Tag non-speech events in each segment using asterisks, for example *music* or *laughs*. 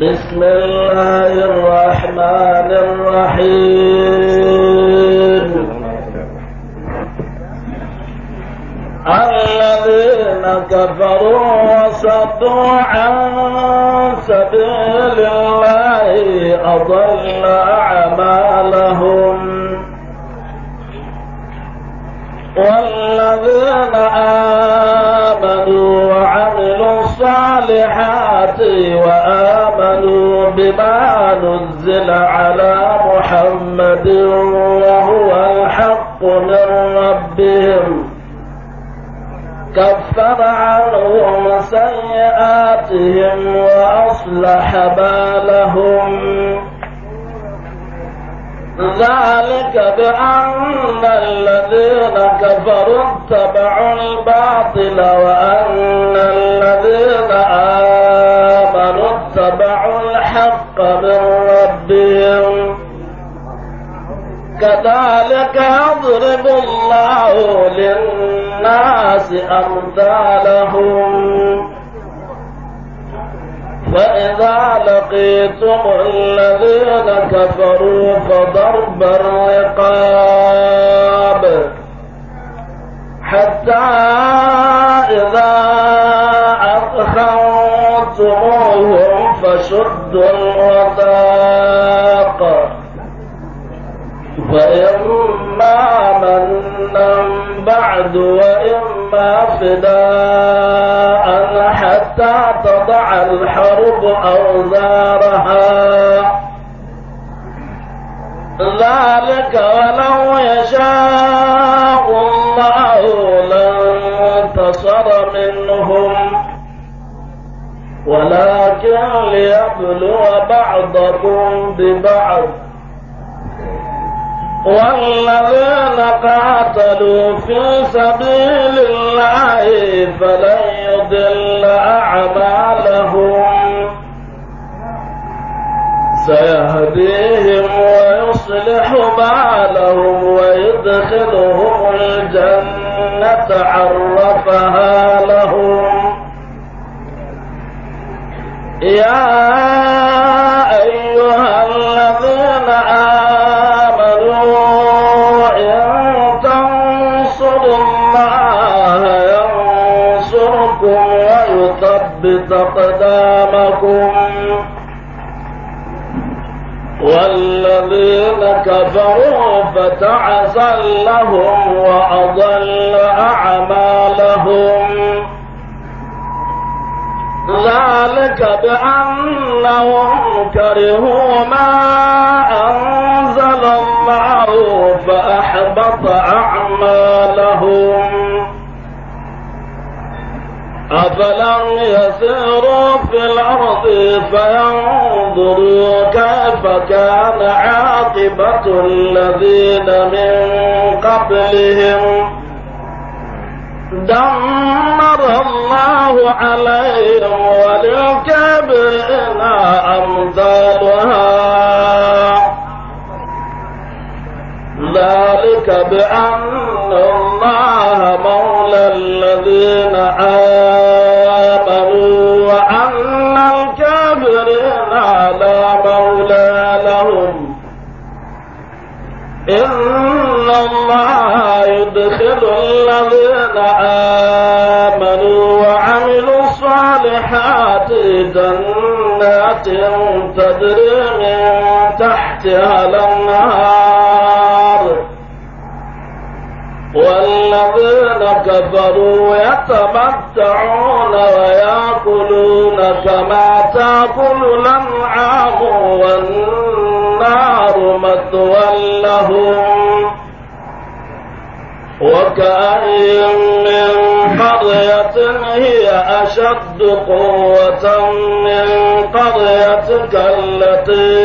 بسم الله الرحمن الرحيم الذين كفروا وصدوا عن سبيل الله أضل أعمالهم والذين آمنوا وعملوا الصالحات وآمنوا بما نزل على محمد وهو الحق من ربهم كفر عنهم سيئاتهم وأصلح بالهم ذلك بأن الذين كفروا اتبعوا الباطل وأن من ربهم كذلك يضرب الله للناس أمثالهم فإذا لقيتم الذين كفروا فضرب الرقاب حتى إذا أخوتموهم فشدوا فإما منا بعد وإما فداء حتى تضع الحرب أوزارها ذلك ولو يشاء الله لانتصر منهم ولا ليبلو بعضكم ببعض والذين قاتلوا في سبيل الله فلن يضل أعمالهم سيهديهم ويصلح بالهم ويدخلهم الجنة عرفها لهم يا أيها الذين آمنوا إن تنصروا الله ينصركم ويثبت أقدامكم والذين كفروا فتعسى لهم وأضل أعمالهم ذلك بأنهم كرهوا ما أنزل الله فأحبط أعمالهم أفلم يسيروا في الأرض فينظروا كيف كان عاقبة الذين من قبلهم دمر الله عليهم وللكافرين أمثالها ذلك بأن الله مولى الذين آمنوا وأن الكافرين لا إن الله يدخل الذين آمنوا وعملوا الصالحات جنات تجري من تحتها الأنهار والذين كفروا يتمتعون ويأكلون كما تأكل الأنعام والنار النار مثوى لهم وكأين من قرية هي أشد قوة من قريتك التي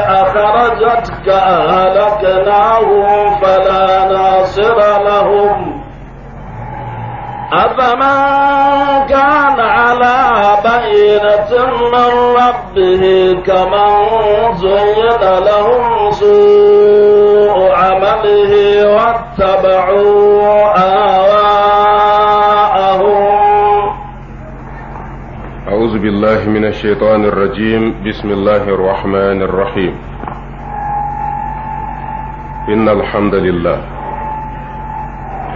أخرجتك أهلكناهم فلا ناصر أفمن كان على بينة من ربه كمن زين لهم سوء عمله واتبعوا آواءهم أعوذ بالله من الشيطان الرجيم بسم الله الرحمن الرحيم إن الحمد لله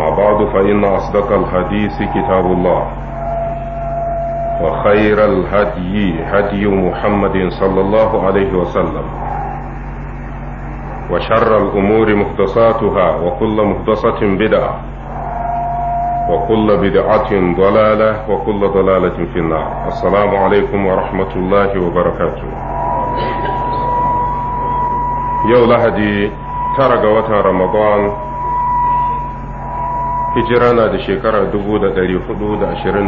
أما بعد فإن أصدق الحديث كتاب الله وخير الهدي هدي محمد صلى الله عليه وسلم وشر الأمور مختصاتها وكل محدثة بدعة وكل بدعة ضلالة وكل ضلالة في النار السلام عليكم ورحمة الله وبركاته يوم لهدي وتر رمضان hijira na da shekara 427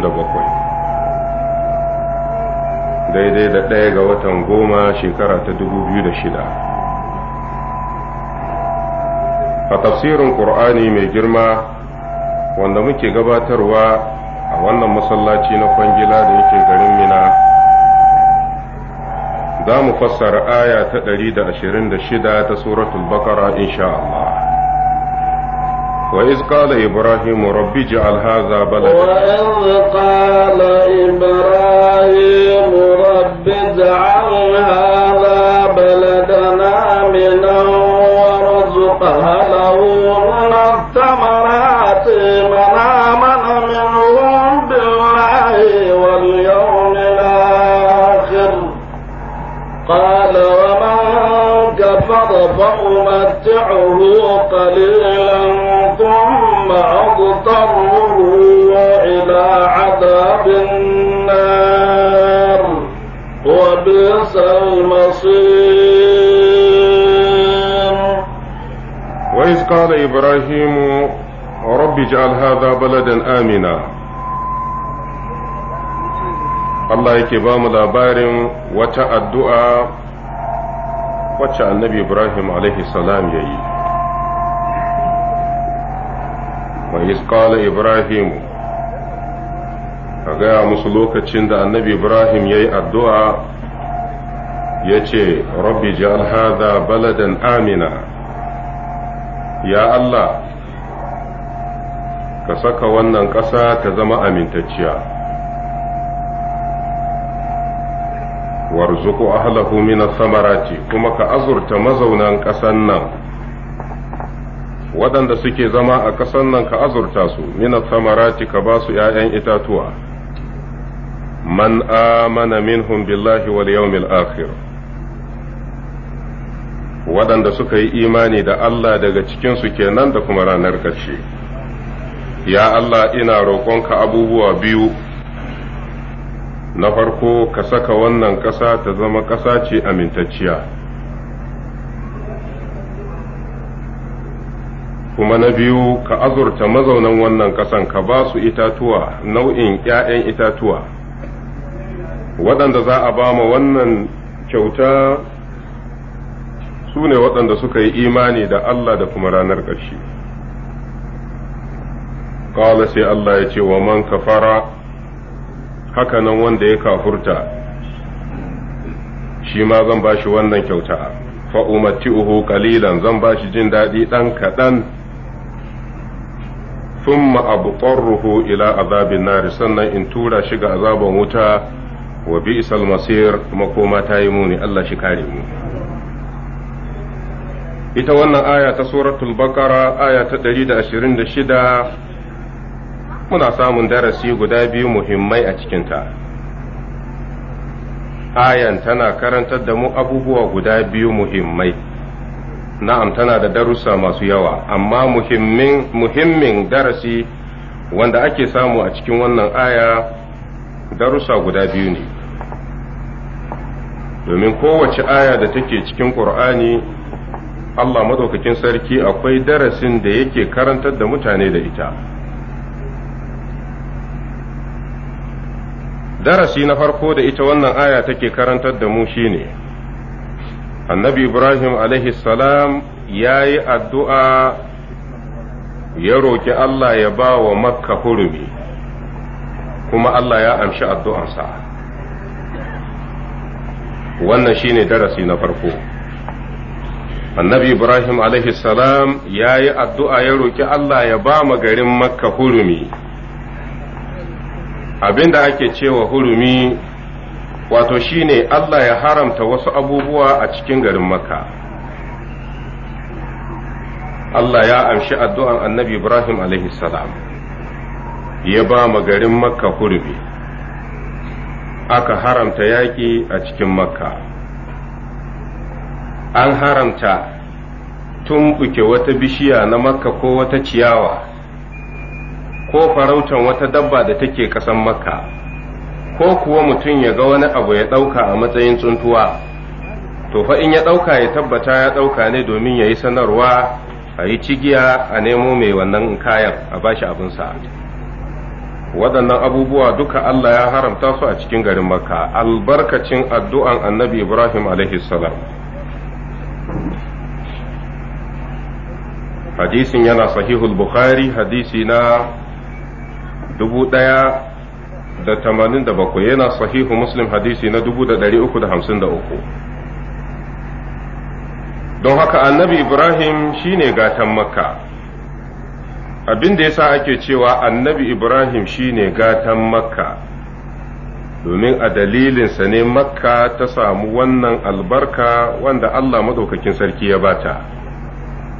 daidai da ɗaya ga watan goma shekara ta da shida. a tafsirin ƙur'ani mai girma wanda muke gabatarwa a wannan masallaci na kwangila da yake garin mina za mu fassara aya ta 126 ta suratul bakara insha Allah وإذ قال إبراهيم رب اجعل هذا بلدا وإذ قال إبراهيم رب اجعل هذا بلد آمنا وارزق أهله من الثمرات من آمن منهم بالله واليوم الآخر قال ومن كفر فأمتعه قليلا فاضطروا الى عذاب النار وبئس المصير واذ قال ابراهيم رب اجعل هذا بلدا امنا الله يكي بام الابار وتأدؤا وتأ النبي إبراهيم عليه السلام يأيه wa qala ibrahim ka gaya musu lokacin da annabi ibrahim ya yi addu'a ya ce rabbi ji hada baladan amina ya allah ka saka wannan ƙasa ta zama amintacciya warzuku ahlahu min samarati kuma ka azurta mazaunan ƙasan nan waɗanda suke zama a ƙasan nan ka azurta su mina samarati ka ba su ‘ya'yan itatuwa man amana minhum billahi wal yawmil akhir waɗanda suka yi imani da Allah daga cikinsu kenan da kuma ranar ƙarshe ya Allah ina roƙonka abubuwa biyu na farko ka saka wannan ƙasa ta zama ƙasa ce amintacciya kuma na biyu ka azurta mazaunan wannan ƙasan ka ba su itatuwa nau'in ‘ya'yan itatuwa waɗanda za a ba ma wannan kyauta su ne waɗanda suka yi imani da Allah da kuma ranar ƙarshe ƙawala sai Allah ya ce wa man kafara hakanan wanda ya kafurta shi ma zan ba shi wannan kyauta fa'umatti uhu ƙalilan zan ba shi jin daɗi ɗan kaɗan thumma abqarruhu ila azabin nar sannan in tura shi ga azaban wuta wa bi'sal masir makoma ta yi muni Allah shi kare mu ita wannan aya ta suratul baqara aya ta shida muna samun darasi guda biyu muhimmai a cikinta ayan tana karantar da mu abubuwa guda biyu muhimmai na'am tana da darussa masu yawa amma muhimmin darasi wanda ake samu a cikin wannan aya darussa guda biyu ne domin kowace aya da take cikin ƙur'ani Allah madaukakin sarki akwai darasin da yake karantar da mutane da ita darasi na farko da ita wannan aya take karantar da mu shine annabi ibrahim salam ya yi addu'a ya roƙi allah ya ba wa makka hurumi kuma allah ya amshi addu'ansa wannan shine darasi na farko annabi ibrahim alaihi salam ya yi addu'a ya roƙi allah ya ba ma garin makka hurumi abinda ake cewa hurumi wato shine Allah ya haramta wasu abubuwa a cikin garin Makka Allah ya amshi addu'an Annabi Ibrahim alaihi salam ya ba ma garin Makka hurbi aka haramta yaƙi a cikin Makka an haramta tumɓuke wata bishiya na Makka ko wata ciyawa ko farautan wata dabba da take ƙasan Makka ko kuwa mutum ya ga wani abu ya ɗauka a matsayin tsuntuwa to fa in ya ɗauka ya tabbata ya ɗauka ne domin ya yi sanarwa a yi cigiya a nemo mai wannan kayan a bashi sa. waɗannan abubuwa duka Allah ya haramta su a cikin garin makka albarkacin addu'an annabi ibrahim salam hadisin yana sahihul bukhari hadisi na dubu ɗaya da tamanin da bakwai yana sahihu muslim hadisi na dubu da ɗari uku da hamsin da uku don haka annabi ibrahim shine gatan makka abin da yasa ake cewa annabi ibrahim shine gatan makka domin a dalilinsa ne makka ta samu wannan albarka wanda allah maɗaukakin sarki ya bata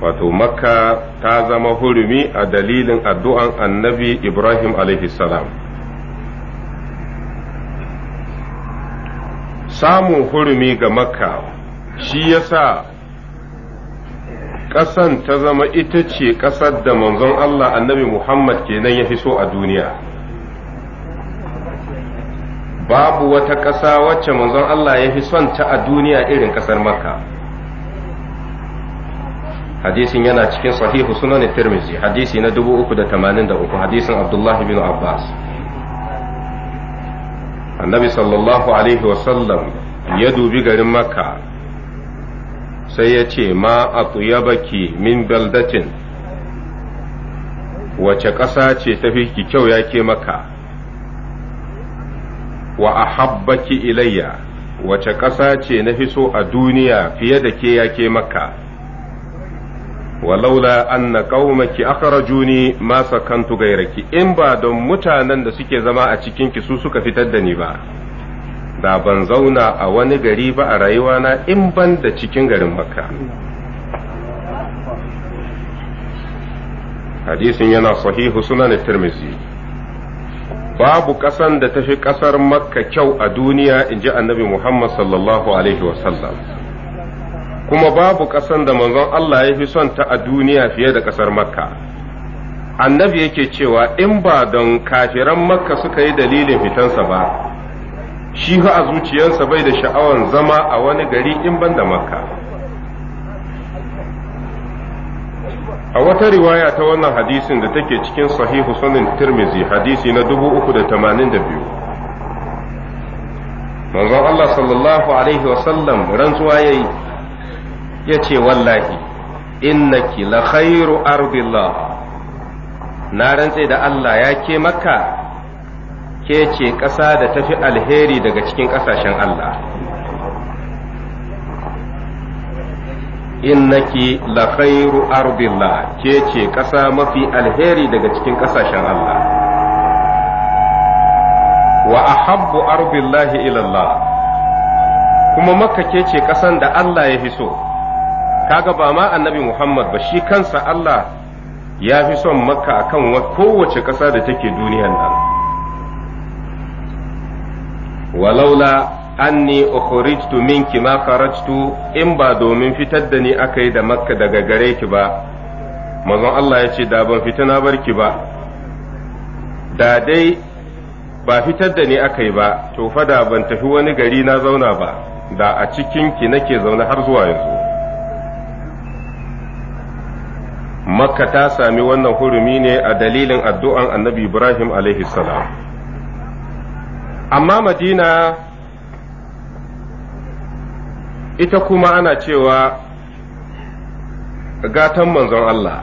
wato makka ta zama hurumi a dalilin addu'an annabi ibrahim salam. samun hurumi ga makka shi yasa ƙasan ta zama ita ce ƙasar da manzon Allah annabi Muhammad kenan ya fi so a duniya babu wata ƙasa wacce manzon Allah ya fi son ta a duniya irin ƙasar makka hadisin yana cikin sahihu sunan tirmizi hadisi na 383 hadisin abdullahi bin abbas annabi sallallahu alaihi wasallam ya dubi garin makka sai ya ce ma a baki min baldatin wace ƙasa ce ta fi ki kyau yake ke maka wa a habbaki ilayya wace ƙasa ce na fi so a duniya fiye da ke yake ke maka walaula anna qaumaki akhrajuni ma sakantu gairaki in ba don mutanen da suke zama a cikin ki su suka fitar da ni ba da ban zauna a wani gari ba a rayuwana in ban da cikin garin makka hadisin yana sahihu sunan tirmizi babu ƙasan da tafi ƙasar makka kyau a duniya in ji annabi muhammad sallallahu alaihi wasallam kuma babu ƙasan da manzon Allah ya fi son ta a duniya fiye da ƙasar makka annabi yake cewa in ba don kafiran makka suka yi dalilin fitansa ba shi fa a zuciyarsa bai da sha'awan zama a wani gari in ban da makka a wata riwaya ta wannan hadisin da take cikin sahihu sunan tirmizi hadisi na 382 manzon Allah sallallahu alaihi wasallam rantsuwa ya yi ya ce wallahi innaki la khairu ardillah na rantse da Allah ya ke maka ke ce ƙasa da tafi alheri daga cikin ƙasashen Allah innaki la khairu ardillah ke ce ƙasa mafi alheri daga cikin ƙasashen Allah wa ahabbu ardillah ila Allah kuma makka ke ce ƙasan da Allah ya fi so kaga ba ma annabi Muhammad ba shi kansa Allah ya fi son makka a kan kowace ƙasa da take duniyan nan walaula anni ukhrijtu minki ma kharajtu in ba domin fitar da ni aka yi da makka daga gare ki ba mazan Allah ya ce da ban fitina barki ba da dai ba fitar da ni aka yi ba to fada ban tafi wani gari na zauna ba da a cikin ki nake zaune har zuwa yanzu makka ta sami wannan hurumi ne a dalilin addu'an annabi ibrahim alaihi salam amma madina ita kuma ana cewa gatan manzon Allah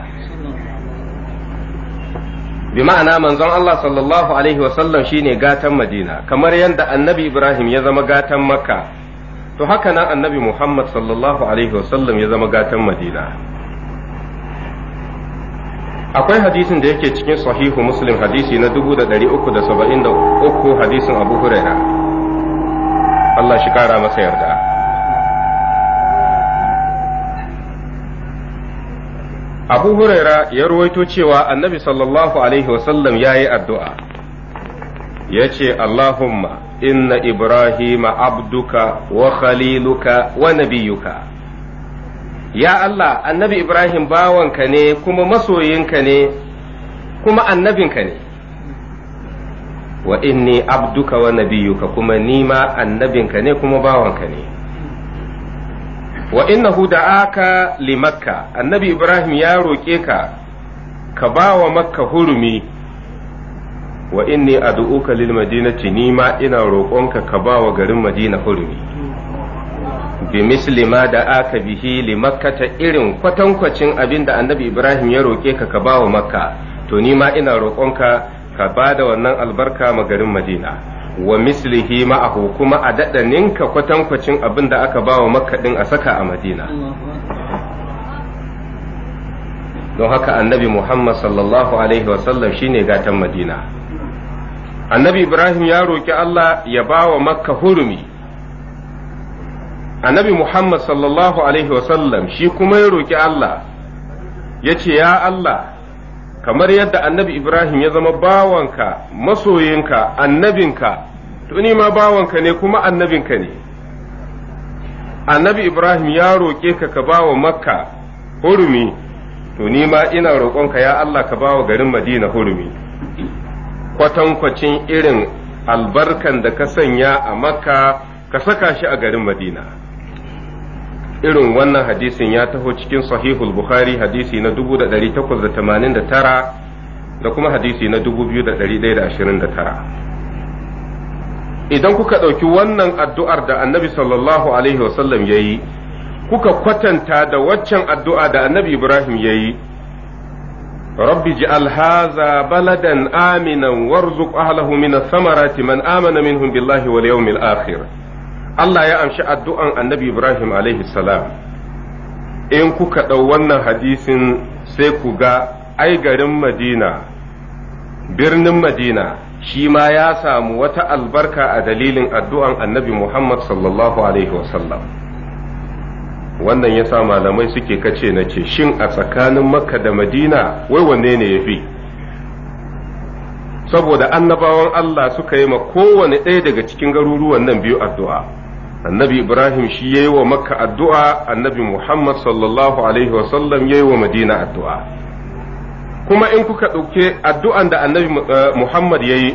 bi ma'ana manzon Allah sallallahu alaihi wasallam shine gatan madina kamar yadda annabi ibrahim ya zama gatan makka to haka nan annabi muhammad sallallahu alaihi wasallam ya zama gatan madina akwai hadisin da yake cikin sahihu muslim hadisi na 373 hadisin abu huraira Allah shi kara masa yarda abu huraira ya ruwaito cewa annabi sallallahu alaihi wasallam ya yi addu'a ya ce allahumma inna ibrahima abduka wa khaliluka wa nabiyuka ya Allah annabi Ibrahim bawanka ne kuma masoyinka ne kuma annabinka ne wa inni abduka wa nabiyuka kuma nima annabinka ne kuma bawanka ne wa innahu da'aka li makka annabi Ibrahim ya roƙe ka ka bawa makka hurumi wa inni ad'uka lil madinati nima ina roƙonka ka bawa garin madina hurumi bi misli ma da aka bihi li makkata irin kwatankwacin abin da annabi ibrahim ya roke ka ka wa makka to ni ma ina roƙonka ka ba da wannan albarka ma garin madina wa mislihi ma'ahu kuma a daɗa ka kwatankwacin abin da aka ba wa makka ɗin a saka a madina don haka annabi muhammad sallallahu alaihi wasallam shine gatan madina annabi ibrahim ya roki allah ya ba wa makka hurumi annabi Muhammad sallallahu Alaihi wasallam shi kuma ya roƙi Allah ya ce ya Allah kamar yadda annabi Ibrahim ya zama bawanka masoyinka annabinka tuni ma bawanka ne kuma annabinka ne annabi Ibrahim ya roƙe ka ka bawa makka hurumi to ni ma ina roƙonka ya Allah ka bawa garin Madina hurumi kwatankwacin irin albarkan da ka sanya a makka ka saka shi a garin Madina irin wannan hadisin ya taho cikin sahihul bukhari hadisi na 1889 da kuma hadisi na 2129 idan kuka ɗauki wannan addu'ar da annabi sallallahu alaihi wasallam ya yi kuka kwatanta da waccan addu'a da annabi ibrahim ya yi rabbi ji alhaza baladan aminan warzuk ahlahu min samarati man amana minhum billahi wal yawmil akhir Allah ya amshi addu'an annabi Ibrahim salam in kuka ɗau wannan hadisin sai ku ga ai garin Madina birnin Madina shi ma ya samu wata albarka a dalilin addu'an annabi Muhammad sallallahu alaihi wasallam wannan ya sa malamai suke kace na ce shin a tsakanin makka da madina wai wanne ne ya fi saboda annabawan Allah suka yi ma kowane ɗaya daga cikin garuruwan nan biyu addu'a annabi ibrahim shi ya yi wa makka addu'a annabi muhammad sallallahu alaihi wasallam ya yi wa madina addu'a kuma in kuka ɗauke addu'an da annabi eh, muhammad ya yi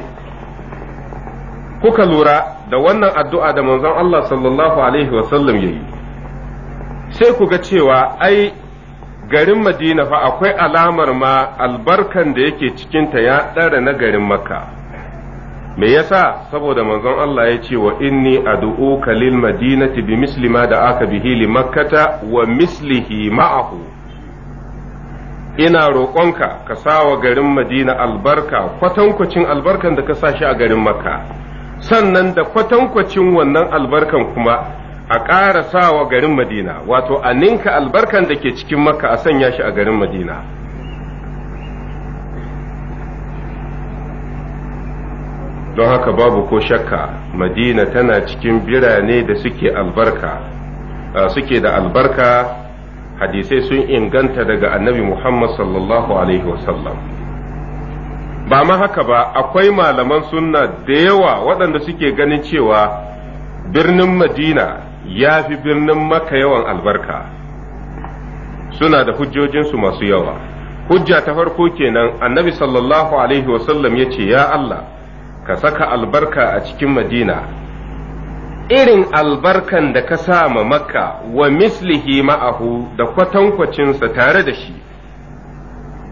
kuka lura da wannan addu'a da manzon allah sallallahu alaihi wasallam ya yi sai ku ga cewa ai garin madina fa akwai alamar ma albarkan da yake cikinta ya ɗara na garin makka me yasa saboda manzon Allah ya ce wa inni ad'uka lil madinati bi misli ma da aka bihi li makkata wa mislihi ma'ahu ina roƙonka ka sawa garin madina albarka kwatankwacin albarkan da ka sa shi a garin makka sannan da kwatankwacin wannan albarkan kuma a ƙara sawa garin madina wato a ninka albarkan da ke cikin makka a sanya shi a garin madina don haka babu ko shakka madina tana cikin birane da suke albarka suke da albarka hadisai sun inganta daga annabi muhammad sallallahu alaihi wasallam ba ma haka ba akwai malaman sunna da yawa waɗanda suke ganin cewa birnin madina ya fi birnin maka yawan albarka suna da hujjojinsu masu yawa hujja ta farko kenan annabi sallallahu alaihi wasallam ya ce ya allah ka saka albarka a cikin madina irin albarkan da ka sa ma makka wa mislihi ma'ahu da kwatankwacinsa tare da shi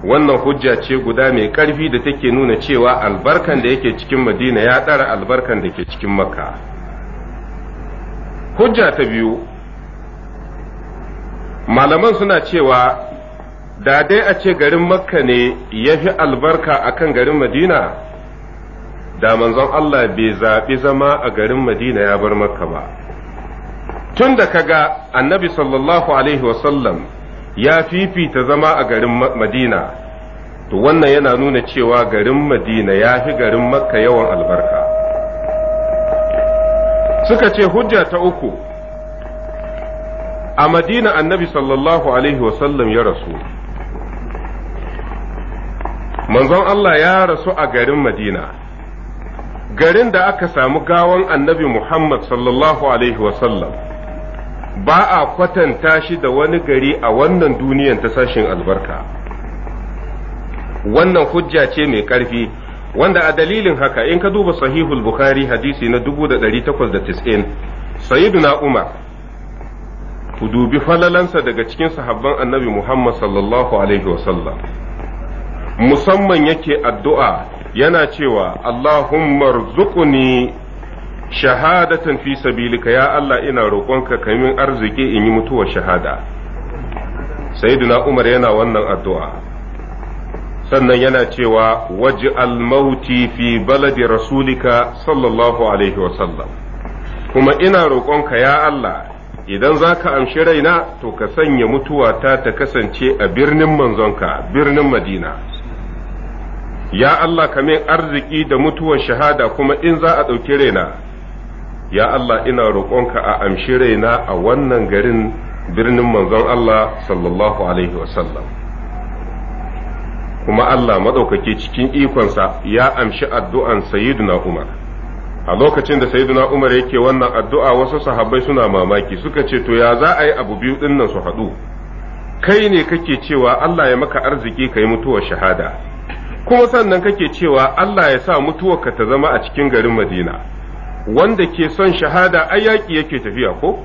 wannan hujja ce guda mai ƙarfi da take nuna cewa albarkan da yake cikin madina ya ɗara albarkan da ke cikin makka hujja ta biyu malaman suna cewa da dai a ce garin makka ne ya fi albarka akan garin madina da manzon Allah bai zaɓi zama a garin Madina ya bar Makka ba. Tun da kaga annabi sallallahu Alaihi wasallam ya fifita zama a garin Madina, to wannan yana nuna cewa garin Madina ya fi garin Makka yawan albarka. Suka ce hujja ta uku, a Madina annabi sallallahu Alaihi wasallam ya rasu. Manzon Allah ya rasu a garin Madina. garin da aka samu gawan annabi Muhammad sallallahu Alaihi wasallam ba a kwatanta shi da wani gari a wannan duniyan ta sashin albarka. Wannan hujja ce mai ƙarfi, wanda a dalilin haka in ka duba sahihul Bukhari hadisi na 1890, Sayyiduna Umar, ku dubi falalansa daga cikin sahabban annabi Muhammad sallallahu Alaihi wasallam. Musamman yake addu'a yana cewa Allahumma rzuqni shahadatan fi sabilika ya Allah ina roƙonka ka min arziki in yi mutuwar shahada sayyidina Umar yana wannan addu'a sannan yana cewa waji mauti fi baladi rasulika sallallahu alaihi wa sallam kuma ina roƙonka ya Allah idan za ka amshi raina to ka sanya mutuwata ta kasance a birnin manzonka birnin Madina ya Allah ka min arziki da mutuwan shahada kuma in za a ɗauki raina ya Allah ina roƙonka a amshi raina a wannan garin birnin manzon Allah sallallahu alaihi wasallam kuma Allah maɗaukaki cikin ikonsa ya amshi addu'an sayyiduna Umar a lokacin da sayyiduna Umar yake wannan addu'a wasu sahabbai suna mamaki suka ce to ya za a yi abu biyu ɗin su haɗu kai ne kake cewa Allah ya maka arziki ka yi mutuwar shahada ko sannan kake cewa Allah ya sa ka ta zama a cikin garin Madina wanda ke son shahada ai yaƙi yake tafiya ko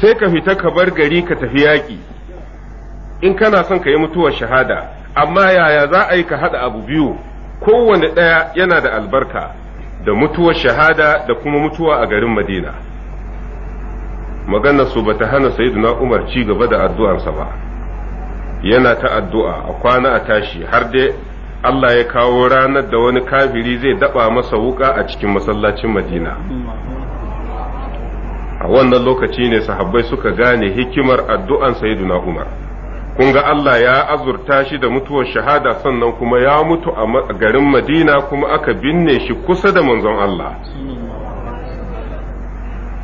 sai ka fita ka bar gari ka tafi yaƙi in kana son ka yi mutuwar shahada amma yaya za a yi ka haɗa abu biyu kowane ɗaya yana da albarka da mutuwar shahada da kuma mutuwa a garin Madina maganar su bata hana Sayyiduna Umar ci gaba da addu'arsa ba yana ta addu'a a kwana a tashi har dai Allah ya kawo ranar da wani kafiri zai daba masa wuka a cikin masallacin Madina. A wannan lokaci ne sahabbai suka gane hikimar addu'an Sayyiduna Umar. Kun ga Allah ya azurta shi da mutuwar shahada sannan kuma ya mutu a garin Madina kuma aka binne shi kusa da manzon Allah.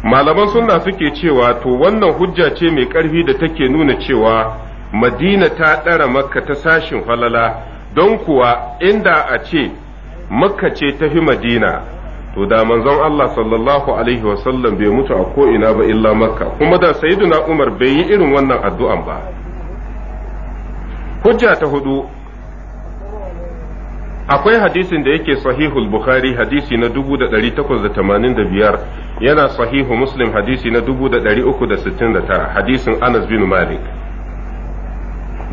Malaman suna suke cewa to wannan hujja ce mai ƙarfi da take nuna cewa madina ta ɗara makka ta sashin falala don kuwa inda a ce makka ce ta fi madina to da manzon Allah sallallahu alaihi wasallam bai mutu a ko'ina ba illa makka kuma da na umar bai yi irin wannan addu'an ba hujja ta hudu akwai hadisin da yake sahihul bukhari hadisi na 1885 yana sahihu muslim hadisi na 1369 hadisin anas bin malik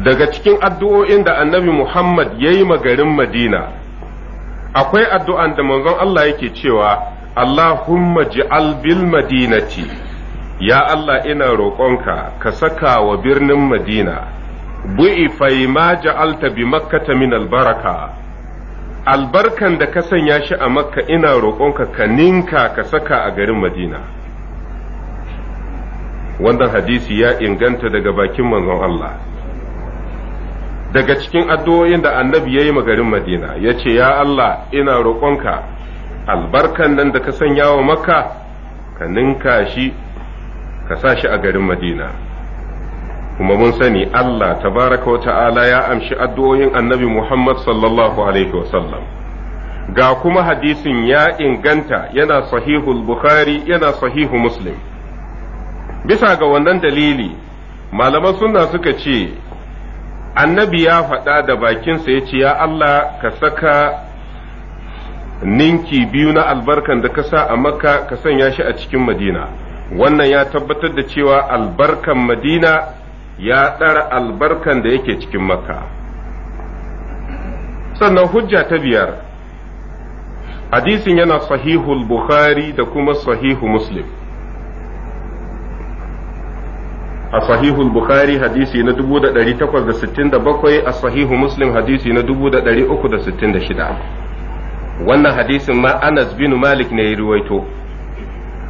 daga cikin addu'o'in da annabi Muhammad ya yi garin Madina, akwai addu'an da manzon Allah yake cewa, Allahumma ji'al bil madinati, ya Allah ina roƙonka ka saka wa birnin Madina, fai ma ja'alta bi makkata min albaraka. Albarkan da ka sanya shi a makka ina roƙonka ka ninka ka saka a garin Madina. Wannan hadisi ya inganta daga bakin manzon Allah. daga cikin addu'o'in da annabi ya yi garin madina ya ce ya Allah ina roƙonka albarkan nan da ka sanya wa maka ka ninka shi ka sa shi a garin madina kuma mun sani Allah tabaraka wa ta'ala ya amshi addu'o'in annabi Muhammad sallallahu alaihi wasallam ga kuma hadisin ya inganta yana sahihul bukhari yana sahihu muslim bisa ga wannan dalili malaman sunna suka ce annabi ya faɗa da bakinsa ya ce ya Allah ka saka ninki biyu na albarkan da ka sa a makka ka sanya shi a cikin madina wannan ya tabbatar da cewa albarkan madina ya ɗara albarkan da yake cikin makka sannan hujja ta biyar hadisin yana sahihul bukhari da kuma sahihu muslim a sahihul bukhari hadisi na 1867 a sahihu muslim hadisi na 366 wannan hadisin ma anas bin malik ne ya ruwaito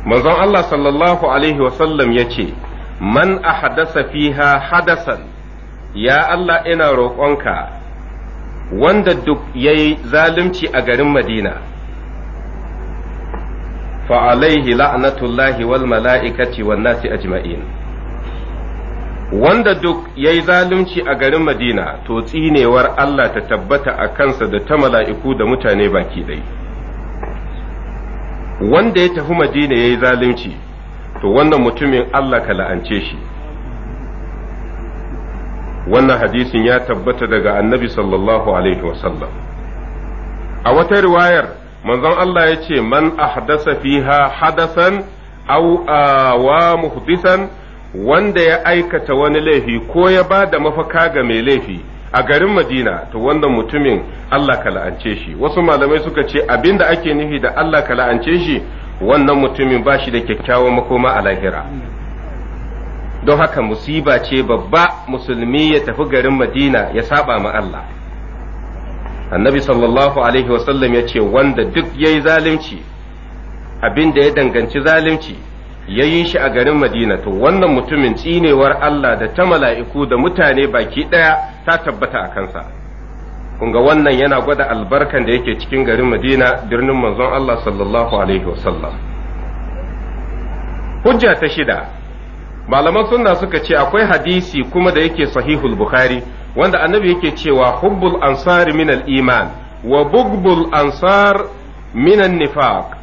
manzon Allah sallallahu alaihi wasallam ya ce man ahdasa fiha hadasan ya Allah ina roƙonka wanda duk ya yi zalunci a garin Madina, fa'alaihi la'anatullahi wal mala'ikaci wan nasi ajma'in wanda duk ya yi zalunci a garin Madina to tsinewar Allah ta tabbata a kansa da ta mala'iku da mutane baki ɗai. Wanda ya tafi Madina ya yi zalunci, to wannan mutumin Allah ka la'ance shi. Wannan hadisin ya tabbata daga annabi sallallahu Alaihi wasallam. A wata riwayar, manzon Allah ya ce, Man ahdasa fiha hadasan, au awa ah, muhdisan wanda ya aikata wani laifi ko ya ba da mafaka ga mai laifi a garin madina to wannan mutumin Allah ka la'ance shi wasu malamai suka ce abinda ake nufi da Allah ka la'ance shi wannan mutumin ba shi da kyakkyawan makoma a lahira don haka musiba ce babba musulmi ya tafi garin madina ya saba ma Allah annabi sallallahu alaihi wasallam ya ce wanda duk yayi yi zalunci abin ya danganci zalunci ya yi shi a garin madina to wannan mutumin tsinewar Allah da ta mala'iku da mutane baki ɗaya ta tabbata a kansa kunga wannan yana gwada albarkan da yake cikin garin madina birnin manzon Allah sallallahu alaihi wasallam hujja ta shida malaman sunna suka ce akwai hadisi kuma da yake sahihul bukhari wanda annabi yake cewa hubbul ansari minal iman wa bugbul ansar minan nifaq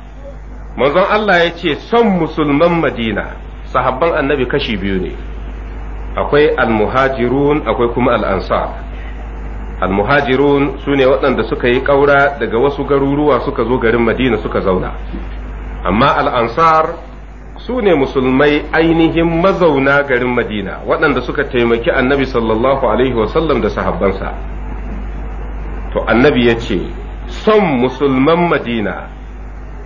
manzon Allah ya ce son musulman madina sahabban annabi kashi biyu ne akwai almuhajirun akwai kuma al'ansar almuhajirun su ne waɗanda suka yi ƙaura daga wasu garuruwa suka zo garin madina suka zauna amma al'ansar su ne musulmai ainihin mazauna garin madina waɗanda suka taimaki annabi sallallahu alaihi wasallam da sahabbansa to annabi ya ce son musulman madina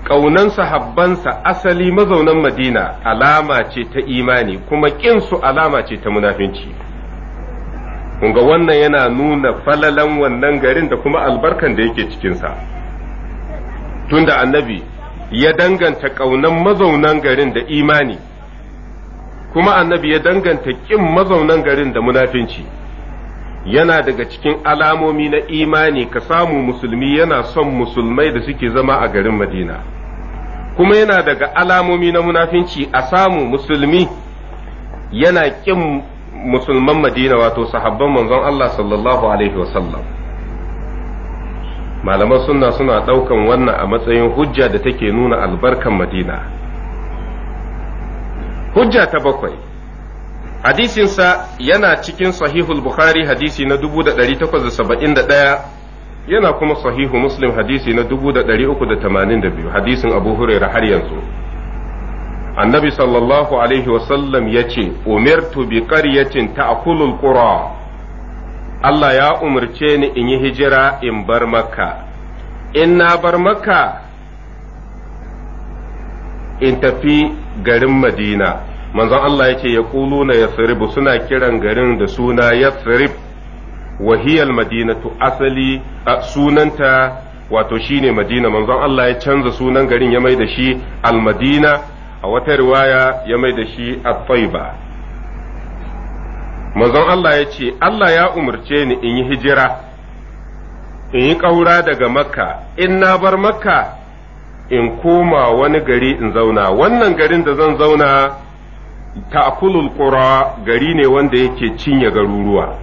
ƙaunan sahabbansa asali mazaunan madina alama ce ta imani kuma ƙinsu alama ce ta munafinci ga wannan yana nuna falalan wannan garin da kuma albarkan da yake cikinsa tunda annabi ya danganta ƙaunan mazaunan garin da imani kuma annabi ya danganta ƙin mazaunan garin da munafinci yana daga cikin alamomi na imani ka samu musulmi yana son musulmai da suke zama a garin madina kuma yana daga alamomi na munafinci a samu musulmi yana ƙin musulman madina wato sahabban manzon Allah sallallahu alaihi wasallam malaman sunna suna ɗaukan wannan a matsayin hujja da take nuna albarkan madina hujja ta bakwai hadisinsa yana cikin sahihul bukhari hadisi na 1871 yana kuma sahihu muslim hadisi na 1382 hadisin abu huraira har yanzu annabi sallallahu alaihi wasallam ya ce umirtu bi qaryatin ta'kulul qura Allah ya umarce ni in yi hijira in bar makka in na bar makka in tafi garin madina manzon Allah ya ce ya na yasribu suna kiran garin da suna yasrib wahiyal madinatu asali a sunanta wato shine madina manzon Allah ya canza sunan garin ya mai da shi almadina a wata riwaya ya mai da shi at tayba manzon Allah ya ce Allah ya umarce ni in yi hijira in yi ƙaura daga makka in na bar makka in koma wani gari in zauna wannan garin da zan zauna ta'kulul qura gari ne wanda yake cinye garuruwa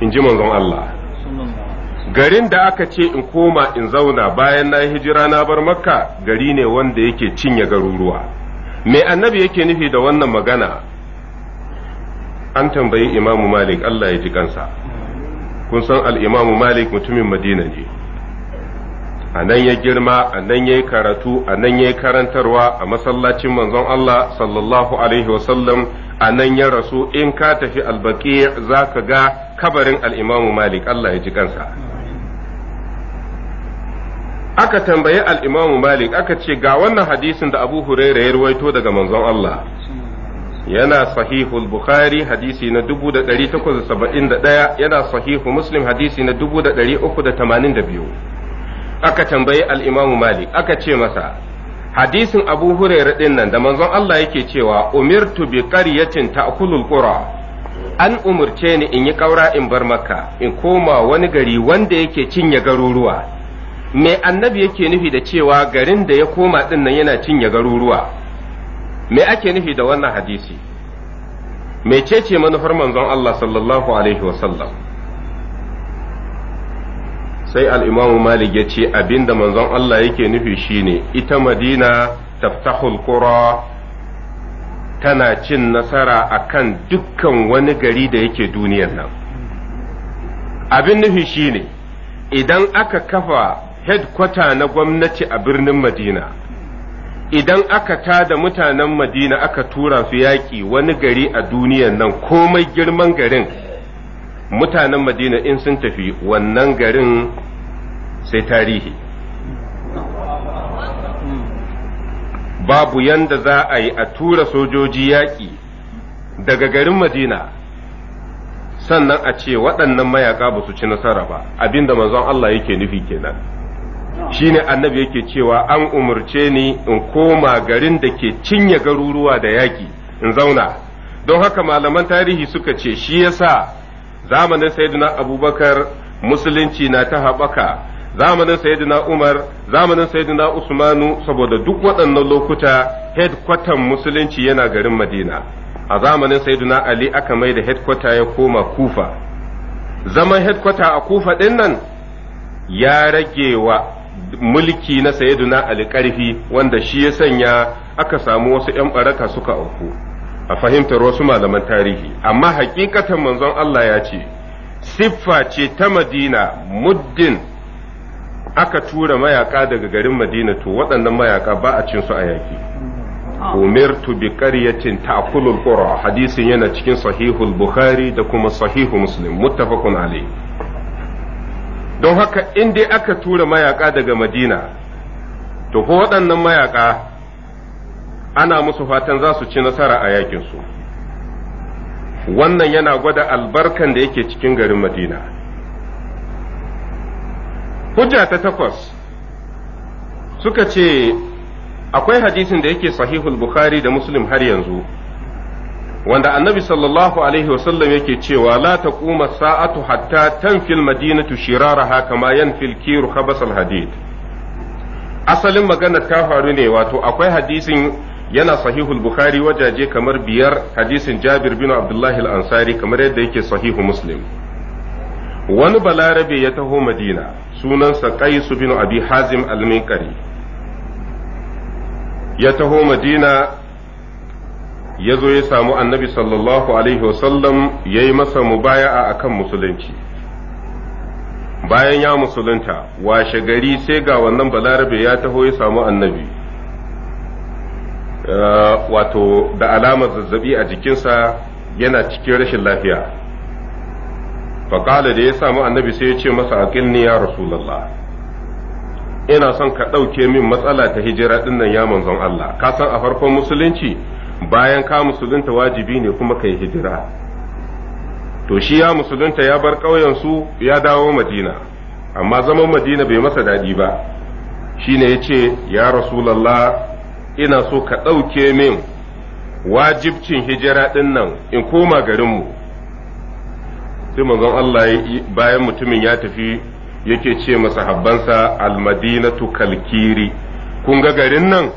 in ji manzon Allah garin da aka ce in koma in zauna bayan na hijira na bar makka gari ne wanda yake cinye garuruwa me annabi yake nufi da wannan magana an tambayi imamu malik Allah ya ji kansa kun san al-imamu malik mutumin madina ne a nan ya girma a nan ya yi karatu a nan ya yi karantarwa a masallacin manzon Allah sallallahu alaihi wasallam a nan ya rasu in ka tafi albaki za ka ga kabarin al'imamu malik Allah ya ji kansa aka tambayi al'imamu malik aka ce ga wannan hadisin da abu huraira ya ruwaito daga manzon Allah yana sahihul bukhari hadisi na 1871 yana sahihu muslim hadisi na 1382 aka tambayi al'imamu malik aka ce masa hadisin abu huraira din nan da manzon Allah yake cewa umirtu bi qaryatin ta'kulul qura an umarce ni in yi ƙaura in bar makka in koma wani gari wanda yake cinye garuruwa me annabi yake nufi da cewa garin da ya koma din nan yana cinye garuruwa me ake nufi da wannan hadisi mecece manufar manzon Allah sallallahu alaihi wasallam sai al'imamu malik ya ce abinda manzon Allah yake nufi shine ita madina taftahul qura tana cin nasara akan dukkan wani gari da yake duniyar nan abin nufi shine idan aka kafa headquarter na gwamnati a birnin madina idan aka ta da mutanen madina aka tura su yaƙi wani gari a duniyar nan komai girman garin mutanen madina in sun tafi wannan garin sai tarihi babu yanda za a yi a tura sojoji yaƙi daga garin madina sannan a ce waɗannan mayaƙa ba su ci nasara ba abinda manzon Allah yake nufi kenan shine annabi yake cewa an umarce ni in koma garin da ke cinye garuruwa da yaƙi in zauna don haka malaman tarihi suka ce shi yasa zamanin sayyidina abubakar musulunci na ta haɓaka zamanin sayyidina umar zamanin sayyidina usmanu saboda duk waɗannan lokuta headquarter musulunci yana garin madina a zamanin sayyidina ali aka mai da headquarter ya koma kufa zaman headquarter a kufa ɗin nan ya rage wa mulki na sayyidina ali ƙarfi wanda shi ya sanya aka samu wasu 'yan ɓaraka suka auku a fahimtar wasu malaman tarihi amma hakikatan manzon Allah ya ce siffa ce ta madina muddin aka tura mayaka daga garin madina to waɗannan mayaka ba a cin su a yaki umirtu bi qaryatin ta'kulul qura hadisin yana cikin sahihul bukhari da kuma sahihu muslim muttafaqun alai don haka in dai aka tura mayaka daga madina to ko waɗannan mayaka ana musu fatan za su ci nasara a yakinsu wannan yana gwada albarkan da yake cikin garin madina hujja ta takwas suka ce akwai hadisin da yake sahihul bukhari da muslim har yanzu wanda annabi sallallahu alaihi wasallam yake cewa la taquma sa'atu hatta tanfil madinatu shiraraha kama yanfil kiru khabasal hadid asalin magana ta faru ne wato akwai hadisin yana sahihul bukhari wajaje kamar biyar hadisin jabir bin abdullahi al-ansari kamar yadda yake sahihu muslim wani balarabe ya taho madina sunansa qaisu bin abi hazim al-minqari ya taho madina ya zo ya samu annabi sallallahu alaihi wasallam ya yi masa mubaya'a akan musulunci bayan ya musulunta washe gari sai ga wannan balarabe ya taho ya samu annabi Eh, wato da alamar zazzabi a jikinsa yana cikin rashin lafiya faƙala da ya samu annabi sai ya ce masa aƙilni ya rasulallah ina son ka ɗauke min matsala ta hijira ɗinnan ya manzon Allah ka san a farkon musulunci bayan ka musulunta wajibi ne kuma ka yi hijira to shi ya musulunta ya bar ƙauyensu ya dawo madina amma zaman madina bai masa daɗi ba shine ya ce ya rasulallah ina so ka ɗauke min wajibcin hijira ɗin nan in koma garinmu sai manzon Allah bayan mutumin ya tafi yake ce masa masahabbansa almadinatu kalkiri kun ga garin nan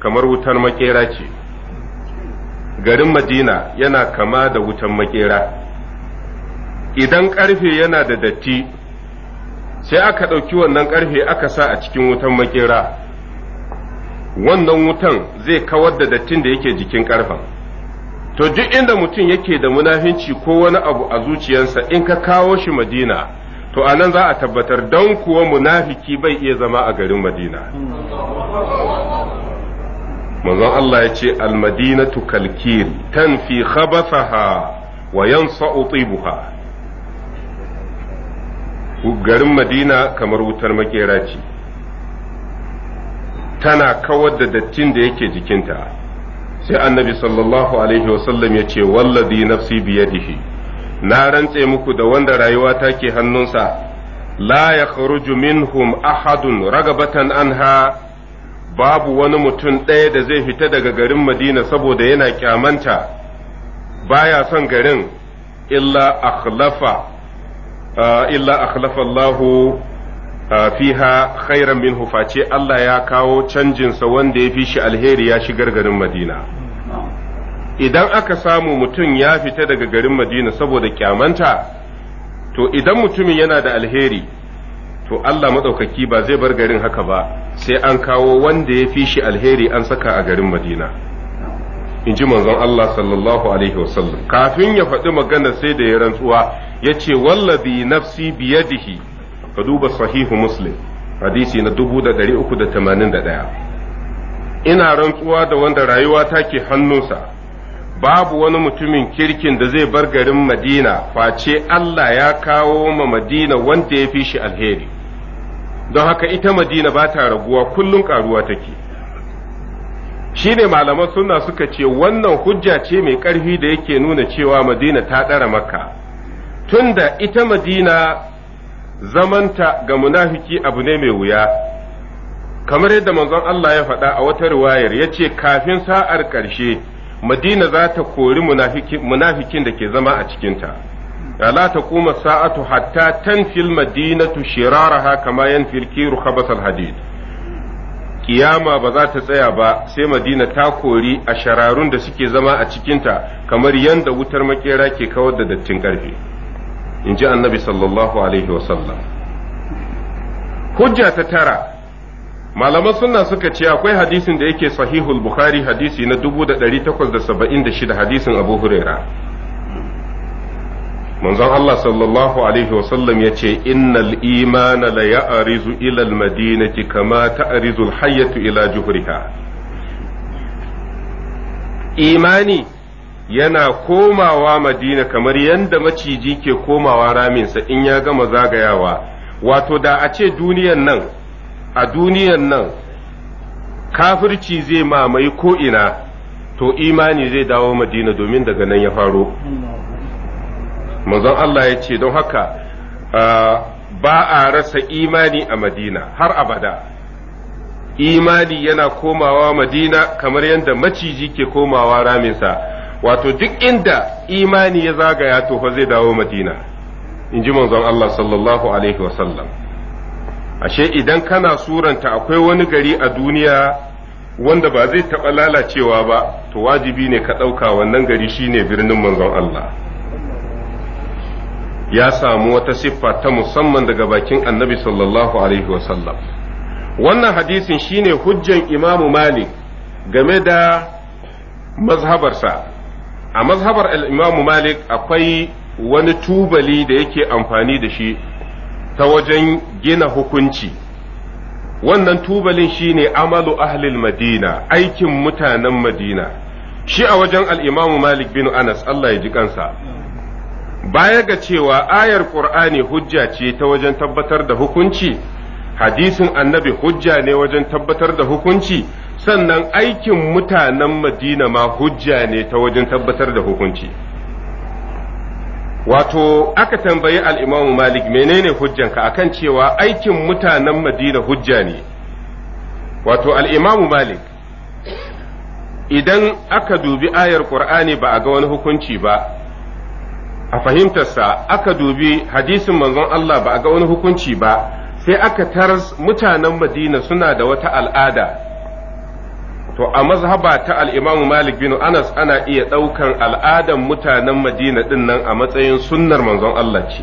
kamar wutar makera ce garin madina yana kama da wutan makera idan ƙarfe yana da datti sai aka ɗauki wannan ƙarfe aka sa a cikin wutan makera wannan wutan zai kawar da dattin da yake jikin karfan to duk inda mutum yake da munafinci ko wani abu a zuciyarsa in ka kawo shi madina to a nan za a tabbatar don kuwa munafiki bai iya zama a garin madina manzon Allah ya ce almadinatu kalkir fi khabathaha wa yansa'u tibuha garin madina kamar wutar makera ce tana kawar da dattin da yake jikinta sai annabi sallallahu alaihi wasallam ya ce wallazi nafsi biyadihi na rantse muku da wanda rayuwa take hannunsa la ya minhum ahadun ragabatan anha babu wani mutum ɗaya da zai fita daga garin madina saboda yana kyamanta baya son garin illa akhlafa uh, illa akhlafa Allahu fiha khairan minhu face Allah ya kawo canjinsa wanda ya fi shi alheri ya shigar garin Madina idan aka samu mutum ya fita daga garin Madina saboda kyamanta to idan mutumin yana da alheri to Allah maɗaukaki ba zai bar garin haka ba sai an kawo wanda ya fi shi alheri an saka a garin Madina in ji manzon Allah sallallahu alaihi wasallam kafin ya faɗi magana sai da ya rantsuwa ya ce wallabi nafsi biyadihi ka duba sahihu muslim hadisi na 381 ina rantsuwa da wanda rayuwa take hannunsa babu wani mutumin kirkin da zai bar garin madina face Allah ya kawo ma madina wanda ya fi shi alheri don haka ita madina ba ta raguwa kullum karuwa take shi ne malaman suna suka ce wannan hujja ce mai ƙarfi da yake nuna cewa madina ta ɗara maka tunda ita madina zamanta ga munafiki abu ne mai wuya kamar yadda manzon Allah ya faɗa a wata riwayar ya ce kafin sa'ar ƙarshe madina za ta kori munafikin da ke zama a cikinta la ta kuma sa'atu hatta tan tanfil madinatu shiraraha kama yan kiru khabasal hadid kiyama ba za ta tsaya ba sai madina ta kori a shararun da suke zama a cikinta kamar yadda wutar makera ke kawar da dattin ƙarfe in ji annabi sallallahu alaihi wasallam hujja ta tara malaman sunna suka ce akwai hadisin da yake sahihul bukhari hadisi na 1876 hadisin abu huraira manzon Allah sallallahu alaihi wasallam ya ce innal imana la ya'rizu ila al-madinati kama ta'rizu al-hayyatu ila juhriha imani yana komawa madina kamar yadda maciji ke komawa raminsa in ya gama zagayawa wato da a ce duniyan nan a duniyan nan kafirci zai mamaye ko'ina to imani zai dawo madina domin daga nan ya faro manzon Allah ya ce don haka ba a rasa imani a madina har abada imani yana komawa madina kamar yadda maciji ke komawa raminsa wato duk inda imani ya zagaya to fa zai dawo madina in ji manzon Allah sallallahu alaihi wasallam ashe idan kana suranta akwai wani gari a duniya wanda ba zai taɓa lalacewa ba to wajibi ne ka ɗauka wannan gari shine birnin manzon Allah ya samu wata siffa ta musamman daga bakin annabi sallallahu alaihi wasallam wannan hadisin shine hujjan imamu malik game da mazhabarsa a mazhabar al'imamu malik akwai wani tubali da yake amfani da shi ta wajen gina hukunci wannan tubalin shine amalu ahlil madina aikin mutanen madina shi a wajen al'imamu malik bin anas allah ya ji kansa baya ga cewa ayar ƙur'ani hujja ce ta wajen tabbatar da hukunci hadisin annabi hujja ne wajen tabbatar da hukunci sannan aikin mutanen madina ma hujja ne ta wajen tabbatar da hukunci wato aka tambayi al'imamu malik menene hujjanka akan cewa aikin mutanen madina hujja ne wato al'imamu malik idan aka dubi ayar qur'ani ba a ga wani hukunci ba a fahimtarsa aka dubi hadisin manzon Allah ba a ga wani hukunci ba sai aka tar mutanen madina suna da wata al'ada to a mazhaba ta al'imamu malik bin anas ana iya ɗaukan al'adan mutanen madina ɗin nan a matsayin sunnar manzon Allah ce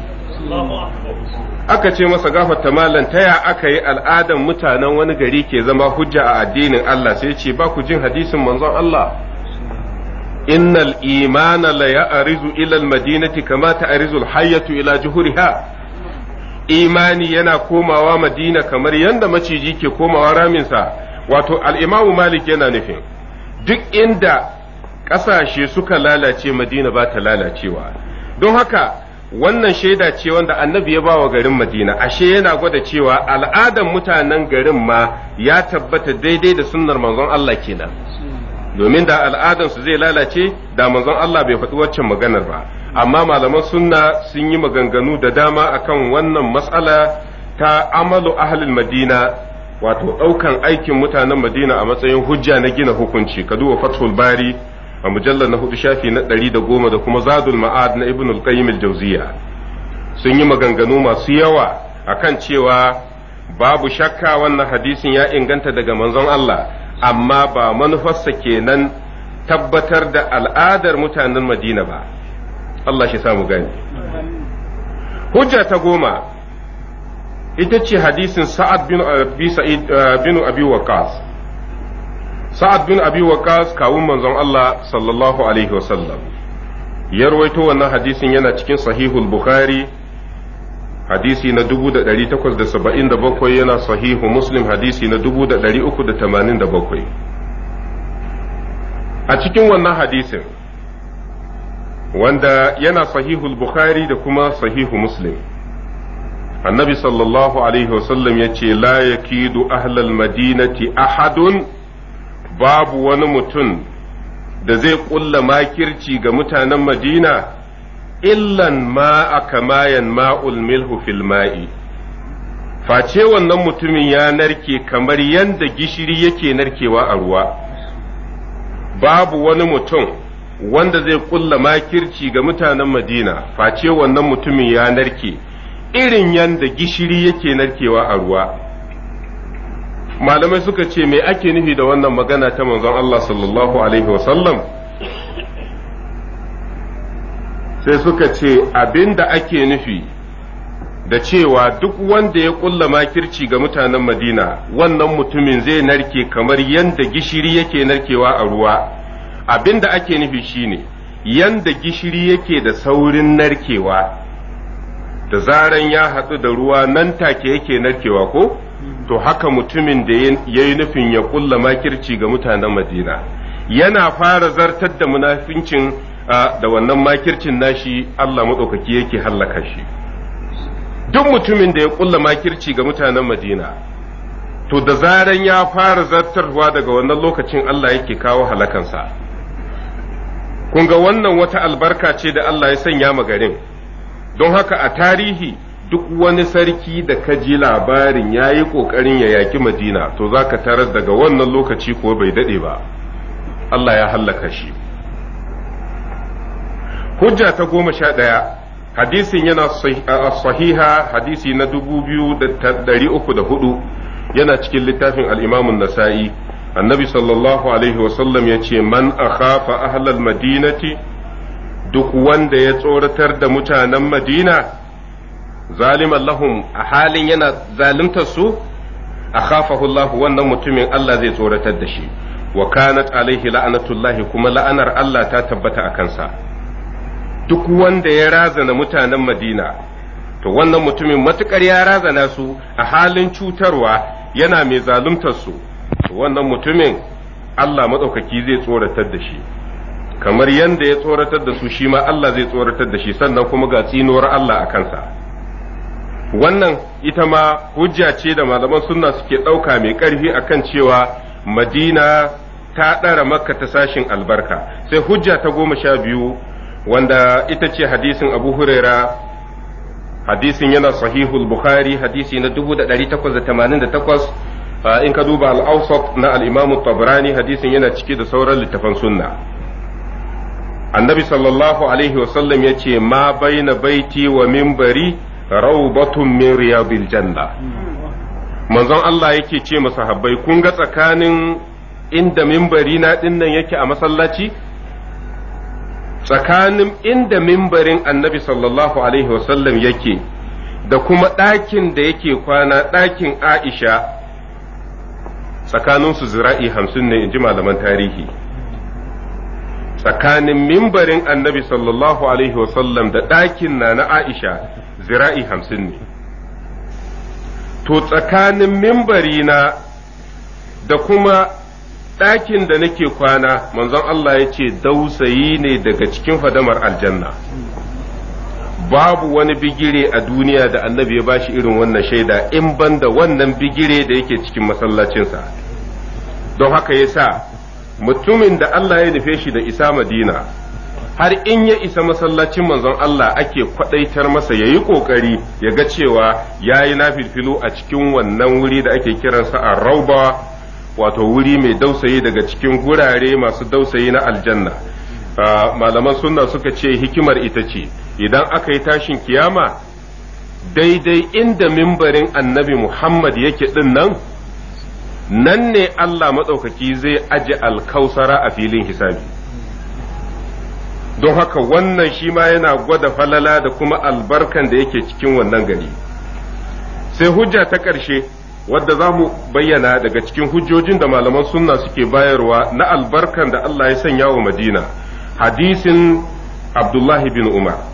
aka ce masa gafarta ta ya aka yi al'adan mutanen wani gari ke zama hujja a addinin Allah sai ce ba ku jin hadisin manzon Allah innal imana la ya'rizu ila al-madinati kama ta'rizu al hayatu ila juhuriha imani yana komawa madina kamar yanda maciji ke komawa raminsa wato al'imamu malik yana nufin duk inda ƙasashe suka lalace madina ba ta lalacewa don haka wannan shaida ce wanda annabi ya bawa garin madina ashe yana gwada cewa al'adan mutanen garin ma ya tabbata daidai da sunnar manzon Allah kenan domin da al'adansu zai lalace da manzon Allah bai faɗi waccan maganar ba amma malaman sunna sun yi maganganu da dama akan wannan matsala ta amalu ahlul madina wato ɗaukan aikin mutanen madina a matsayin hujja na gina hukunci ka duba fathul bari a mujallar na hudu shafi na ɗari da goma da kuma zadul ma'ad na ibn al-qayyim al-jawziya sun yi maganganu masu yawa akan cewa babu shakka wannan hadisin ya inganta daga manzon Allah amma ba manufarsa kenan tabbatar da al'adar mutanen madina ba Allah shi samu gani hujja ta goma ita ce hadisin sa'ad bin abi eh, sa'id eh, bin abi waqas sa'ad bin abi waqas kawun manzon Allah sallallahu alaihi wasallam ya rawaito wannan hadisin yana cikin sahihul bukhari hadisi na 1877 yana sahihu muslim hadisi na 1387 a cikin wannan hadisin wanda yana sahihul bukhari da kuma sahihu muslim annabi sallallahu alaihi wasallam ya ce la yakidu ahlal madinati ahadun babu wani mutum da zai ƙulla makirci ga mutanen madina illan ma aka mayan ma'ul milhu fil face wannan mutumin ya narke kamar yadda gishiri yake narkewa a ruwa babu wani mutum wanda zai ƙulla makirci ga mutanen madina face wannan mutumin ya narke irin yanda gishiri yake narkewa a ruwa malamai suka ce me ake nufi da wannan magana ta manzon Allah sallallahu alaihi wasallam sai suka ce abinda da ake nufi da cewa duk wanda ya kulla makirci ga mutanen madina wannan mutumin zai narke kamar yanda gishiri yake narkewa a ruwa abinda da ake nufi shine yanda gishiri yake da saurin narkewa da zaran ya haɗu da ruwa nan take yake narkewa ko to haka mutumin da ya yi nufin ya kulla makirci ga mutanen madina yana fara zartar da munafincin da wannan makircin nashi Allah maɗaukaki yake hallaka shi duk mutumin da ya kulla makirci ga mutanen madina to da zaran ya fara zartarwa daga wannan lokacin Allah yake kawo halakansa kun ga wannan wata albarka ce da Allah ya sanya ma garin don haka a tarihi duk wani sarki da ka ji labarin ya yi ƙoƙarin ya yaƙi madina to za ka tarar daga wannan lokaci ko bai daɗe ba Allah ya hallaka shi hujja ta goma sha ɗaya hadisin yana sahiha hadisi na dubu biyu da ɗari uku da hudu yana cikin littafin al'imamun nasa'i annabi sallallahu alaihi wasallam ya ce man akhafa ahlal madinati duk wanda ya tsoratar da mutanen madina zaliman lahum a halin yana zaluntar su a khafahullahu wannan mutumin Allah zai tsoratar da shi wa kanat alaihi la'anatullahi kuma la'anar Allah ta tabbata a kansa duk wanda ya razana mutanen madina to wannan mutumin matukar ya razana su a halin cutarwa yana mai zaluntar su wannan mutumin Allah maɗaukaki zai tsoratar da shi kamar yadda ya tsoratar da su shi ma Allah zai tsoratar da shi sannan kuma ga tsinuwar Allah a kansa wannan ita ma hujja ce da malaman sunna suke ɗauka mai ƙarfi akan cewa madina ta ɗara makka ta sashin albarka sai hujja ta goma sha biyu wanda ita ce hadisin abu huraira hadisin yana sahihul bukhari hadisi na 1888 ah, in ka duba al-awsat na al-imam tabrani hadisin yana cike da sauran littafan sunna annabi sallallahu alaihi wasallam ya ce ma baina baiti wa mimbari raubatun min riyadil janna manzon Allah yake ce masahabbai kun ga tsakanin inda mimbari na dinnan yake a masallaci tsakanin inda mimbarin annabi sallallahu alaihi wasallam yake da kuma ɗakin da yake kwana ɗakin Aisha tsakaninsu zira'i hamsin ne in ji malaman tarihi tsakanin mimbarin annabi sallallahu alaihi wasallam da ɗakin na na aisha zira'i hamsin ne to tsakanin mimbari na da kuma ɗakin da nake kwana manzon Allah ya ce dausayi ne daga cikin fadamar aljanna babu wani bigire a duniya da annabi ya bashi irin wannan shaida in banda wannan bigire da yake cikin masallacinsa don haka ya sa mutumin da Allah ya nufe shi da isa madina har in ya isa masallacin manzon Allah ake kwadaitar masa ya yi ƙoƙari ya ga cewa ya yi nafilfilu a cikin wannan wuri da ake kiransa a rauba wato wuri mai dausayi daga cikin gurare masu dausayi na aljanna ah, malaman sunna suka ce hikimar ita ce idan aka yi tashin kiyama daidai inda mimbarin annabi muhammad yake din nan nan ne Allah matsaukaki zai aje alkausara a filin hisabi don haka wannan shi ma yana gwada falala da kuma albarkan da yake cikin wannan gari sai hujja ta ƙarshe wadda za mu bayyana daga cikin hujjojin da malaman sunna suke bayarwa na albarkan da Allah ya sanya wa madina hadisin abdullahi bin umar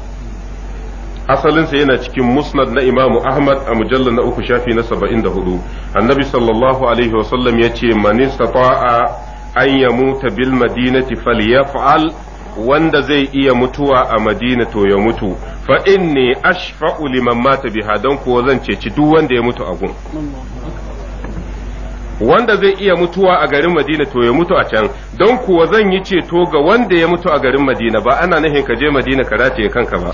asalinsa yana cikin musnad na imamu ahmad a mujallar na uku shafi na saba'in da hudu annabi sallallahu alaihi wasallam ya ce mani sata'a an ya muta bil madinati fa'al wanda zai iya mutuwa a madina to ya mutu fa inni ashfa'u liman mata biha don kuwa zan ceci duk wanda ya mutu a gun wanda zai iya mutuwa a garin Madina to ya mutu a can don kuwa zan yi ceto ga wanda ya mutu a garin Madina ba ana nahin ka je Madina ka rataye kanka ba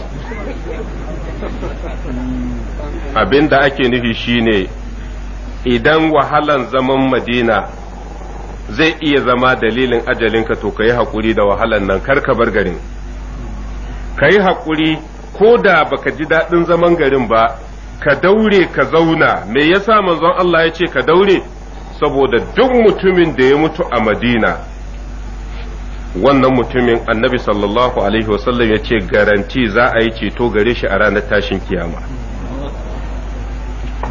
abin da ake nufi shine idan wahalan zaman madina zai iya zama dalilin ajalinka to ka yi haƙuri da wahalan nan kar ka bar garin ka yi haƙuri ko da baka ji daɗin zaman garin ba ka daure ka zauna me yasa manzon Allah ya ce ka daure saboda duk mutumin da ya mutu a madina wannan mutumin annabi sallallahu alaihi wasallam ya ce garanti za a yi ceto gare shi a ranar tashin kiyama.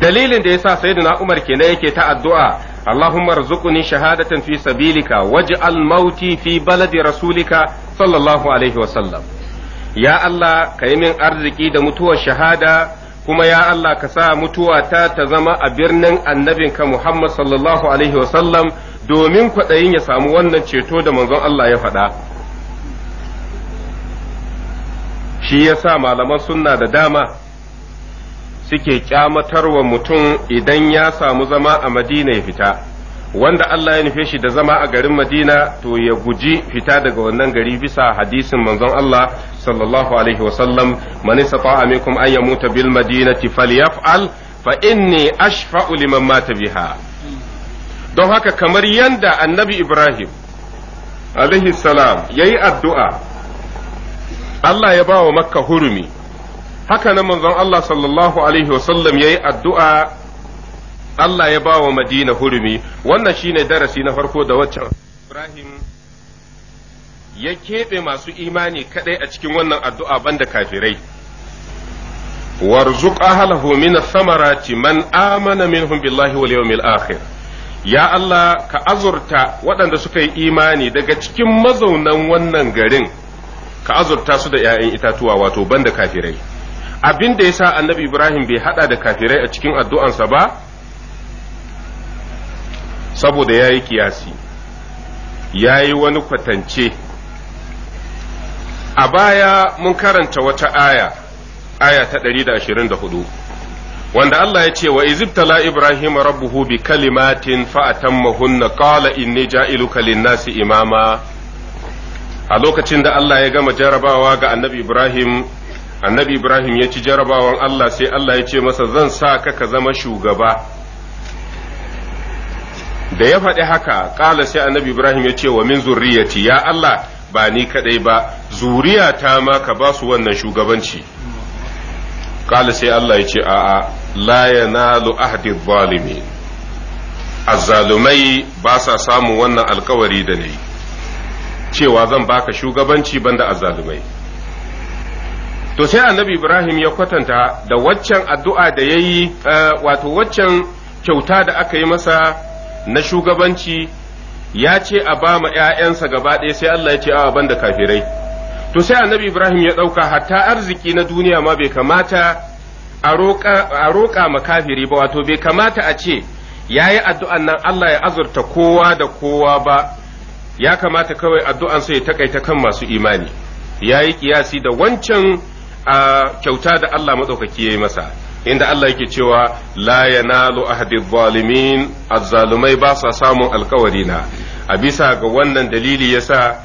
dalilin da yasa sayyidina Umar kenan yake ta addu'a Allahumma rzuqni shahadatan fi sabilika waj'al mauti fi baladi rasulika sallallahu alaihi wasallam ya Allah ka yi min arziki da mutuwar shahada kuma ya Allah ka sa mutuwata ta zama a birnin annabinka Muhammad sallallahu alaihi wasallam domin kwaɗayin ya samu wannan ceto da manzon Allah ya faɗa shi ya sa malaman sunna da dama suke kyamatarwa mutum idan ya samu zama a madina ya fita wanda Allah ya nufe shi da zama a garin madina to ya guji fita daga wannan gari bisa hadisin manzon Allah sallallahu alaihi wasallam man istata'a minkum an yamuta bil madinati falyaf'al fa inni ashfa'u liman mata biha don haka kamar yanda annabi Ibrahim alaihi salam yayi addu'a Allah ya ba wa makka hurumi haka nan manzon Allah sallallahu alaihi wasallam yayi addu'a Allah ya bawa Madina hurumi wannan shine darasi na farko da waccan Ibrahim ya keɓe masu imani kadai a cikin wannan addu'a banda kafirai warzuq ahlahu min samarati man amana minhum billahi wal yawmil akhir ya Allah ka azurta waɗanda suka yi imani daga cikin mazaunan wannan garin ka azurta su da ‘ya'yan itatuwa wato banda kafirai abin da sa annabi Ibrahim bai hada da kafirai a cikin addu'ansa ba saboda ya yi kiyasi ya yi wani kwatance a baya mun karanta wata aya aya ta 124 wanda Allah ya ce wa izibtala Ibrahim rabbuhu bi kalimatin fa'atammahunna qala inni ja'iluka lin-nasi imama a lokacin da Allah ya gama jarabawa ga annabi Ibrahim annabi ibrahim ya ci jarabawan allah sai allah ya ce masa zan sa ka ka zama shugaba da ya faɗi haka ƙala sai annabi ibrahim ya ce wa min zurriyati ya allah ba ni kaɗai ba zuriya ta ma ka ba su wannan shugabanci ƙala sai allah ya ce a'a la yanalu ahdi zalimi azzalumai ba sa samun wannan alkawari da ne cewa zan baka shugabanci banda azzalumai to sai annabi ibrahim ya kwatanta da waccan addu'a da ya yi eh, wato waccan kyauta da aka yi masa na shugabanci ya ce a ba ma ‘ya'yansa gaba ɗaya sai Allah ya ce a banda kafirai to sai annabi ibrahim ya ɗauka hatta arziki na duniya ma bai kamata a roƙa ma kafiri ba wato bai kamata a ce ya yi addu'an nan Allah ya azurta kowa da kowa ba ya kamata kawai addu'an sai ya takaita kan masu imani ya yi kiyasi da wancan a kyauta da Allah maɗaukaki ya yi masa inda Allah yake cewa la yanalu ahdi zalimin azzalumai ba sa samun alkawari na a bisa ga wannan dalili yasa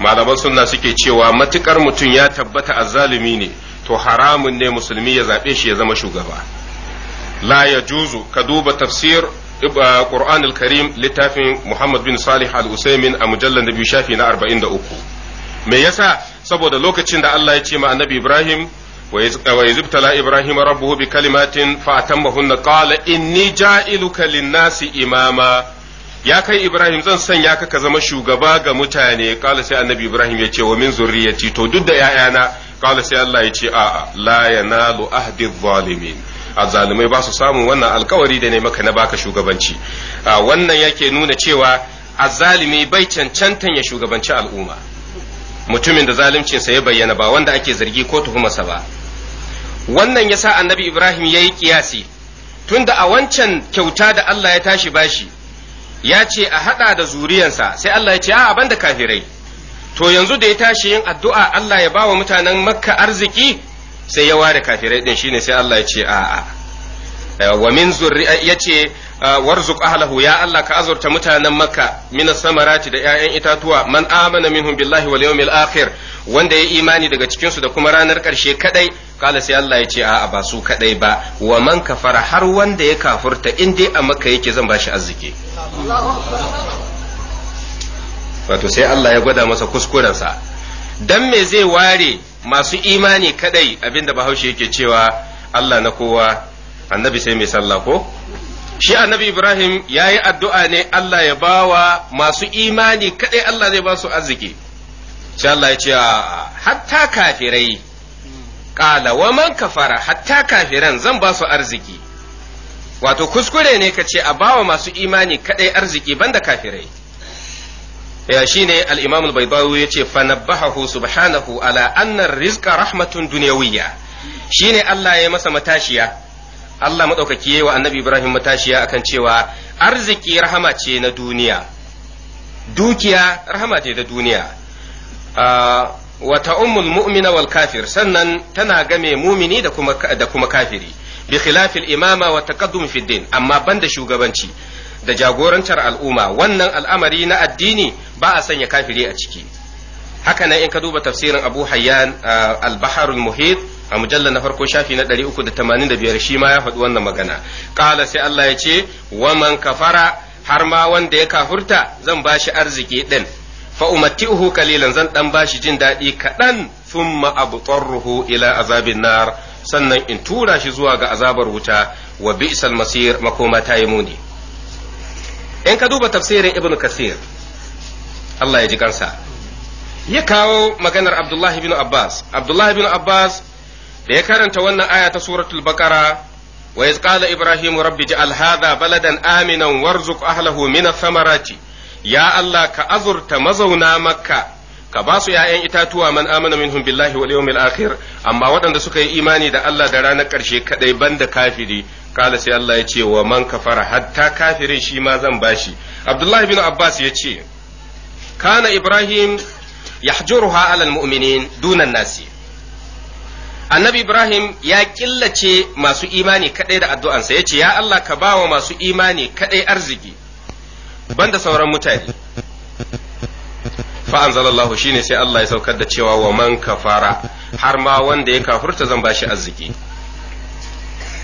malaman sunna suke cewa matukar mutum ya tabbata azzalumi ne to haramun ne musulmi ya zaɓe shi ya zama shugaba la ya juzu ka duba tafsir Qur'an al-Karim littafin Muhammad bin Salih al-Usaimin a mujallar da biyu shafi na 43 me yasa saboda lokacin da Allah ya ce ma annabi Ibrahim wa yuzibtala Ibrahim rabbuhu bi kalimatin fa atammahunna qala inni ja'iluka lin-nasi imama ya kai Ibrahim zan sanya ka ka zama shugaba ga mutane qala sai annabi Ibrahim ya ce wa min zurriyati to duk da ya'yana qala sai Allah ya ce a'a la yanalu ahdi zalimin azzalimai ba su samun wannan alkawari da ne maka na baka shugabanci wannan yake nuna cewa azzalimi bai cancantan ya shugabanci al'umma mutumin da zaluncinsa ya bayyana ba wanda ake zargi ko tuhumarsa ba wannan yasa annabi ibrahim ya yi kiyasi tunda a wancan kyauta da allah ya tashi bashi ya ce a haɗa da zuriyansa sai allah ya ce a banda kafirai to yanzu da ya tashi yin addu'a allah ya ba wa mutanen makka arziki sai ya ware kafirai din shine sai allah ya ce a'a eh, wa min zurriya ya ce Ah, warzuq ahlahu ya Allah ka azurta mutanen makka mina samarati da 'ya'yan itatuwa man amana minhum billahi wal yawmil akhir wanda ya imani daga cikin su da kuma ranar karshe kadai kala sai Allah ya ce a'a ba su kadai ba wa man kafara har wanda ya kafurta in dai a makka yake zan bashi arziki wato sai Allah ya gwada masa sa dan me zai ware masu imani kadai abinda bahaushe yake cewa Allah na kowa annabi sai mai sallah ko shi annabi ibrahim ya yi addu'a ne allah ya bawa masu imani kaɗai allah zai ba su arziki shi allah ya ce hatta kafirai ƙala wa man kafara hatta kafiran zan ba su arziki wato kuskure ne ka ce a bawa masu imani kaɗai arziki banda kafirai ya shi ne al'imam al-baibawu ya ce fanabbahahu subhanahu ala annar rizqa rahmatun duniyawiyya shi ne allah ya masa matashiya Allah maɗaukaki yayi wa annabi Ibrahim matashiya akan cewa arziki rahama ce na duniya dukiya rahama ce da duniya ah, Wata ta'ummul mu'mina wal kafir sannan tana game mumini da kuma kafiri bi khilafil imama wa taqaddum fi din amma banda shugabanci da jagorantar al'umma wannan al'amari na addini ba a sanya kafiri a ciki haka nan in ka duba tafsirin Abu Hayyan al ah, al-Muhit a mujallar na farko shafi na 385 shi ma ya faɗi wannan magana ƙala sai Allah ya ce wa man kafara har ma wanda ya kafurta zan bashi arziki din fa umatti'uhu kalilan zan dan bashi jin daɗi kaɗan sun thumma abtarruhu ila azabin nar sannan in tura shi zuwa ga azabar wuta wa bi'sal masir makoma ta yi muni in ka duba tafsirin ibnu kasir Allah ya ji kansa ya kawo maganar Abdullahi bin Abbas Abdullahi bin Abbas da ya karanta wannan aya ta suratul baqara wa iz qala ibrahim rabbi ja'al hadha baladan aminan warzuq ahlahu min thamarati ya allah ka azurta mazauna makka ka ba su ‘ya'yan itatuwa man amana minhum billahi wal yawmil akhir amma waɗanda suka yi imani da Allah da ranar ƙarshe kaɗai banda kafiri kala sai Allah ya ce wa man kafara hatta kafirin shi ma zan bashi Abdullahi bin Abbas ya ce kana Ibrahim yahjuruha alal mu'minin dunan nasi annabi ibrahim ya killace masu imani kadai da addu'ansa ya ce ya allah ka bawa masu imani kadai arziki banda sauran mutane shi shine sai allah ya saukar da cewa wa man kafara har ma wanda ya kafurta zan bashi arziki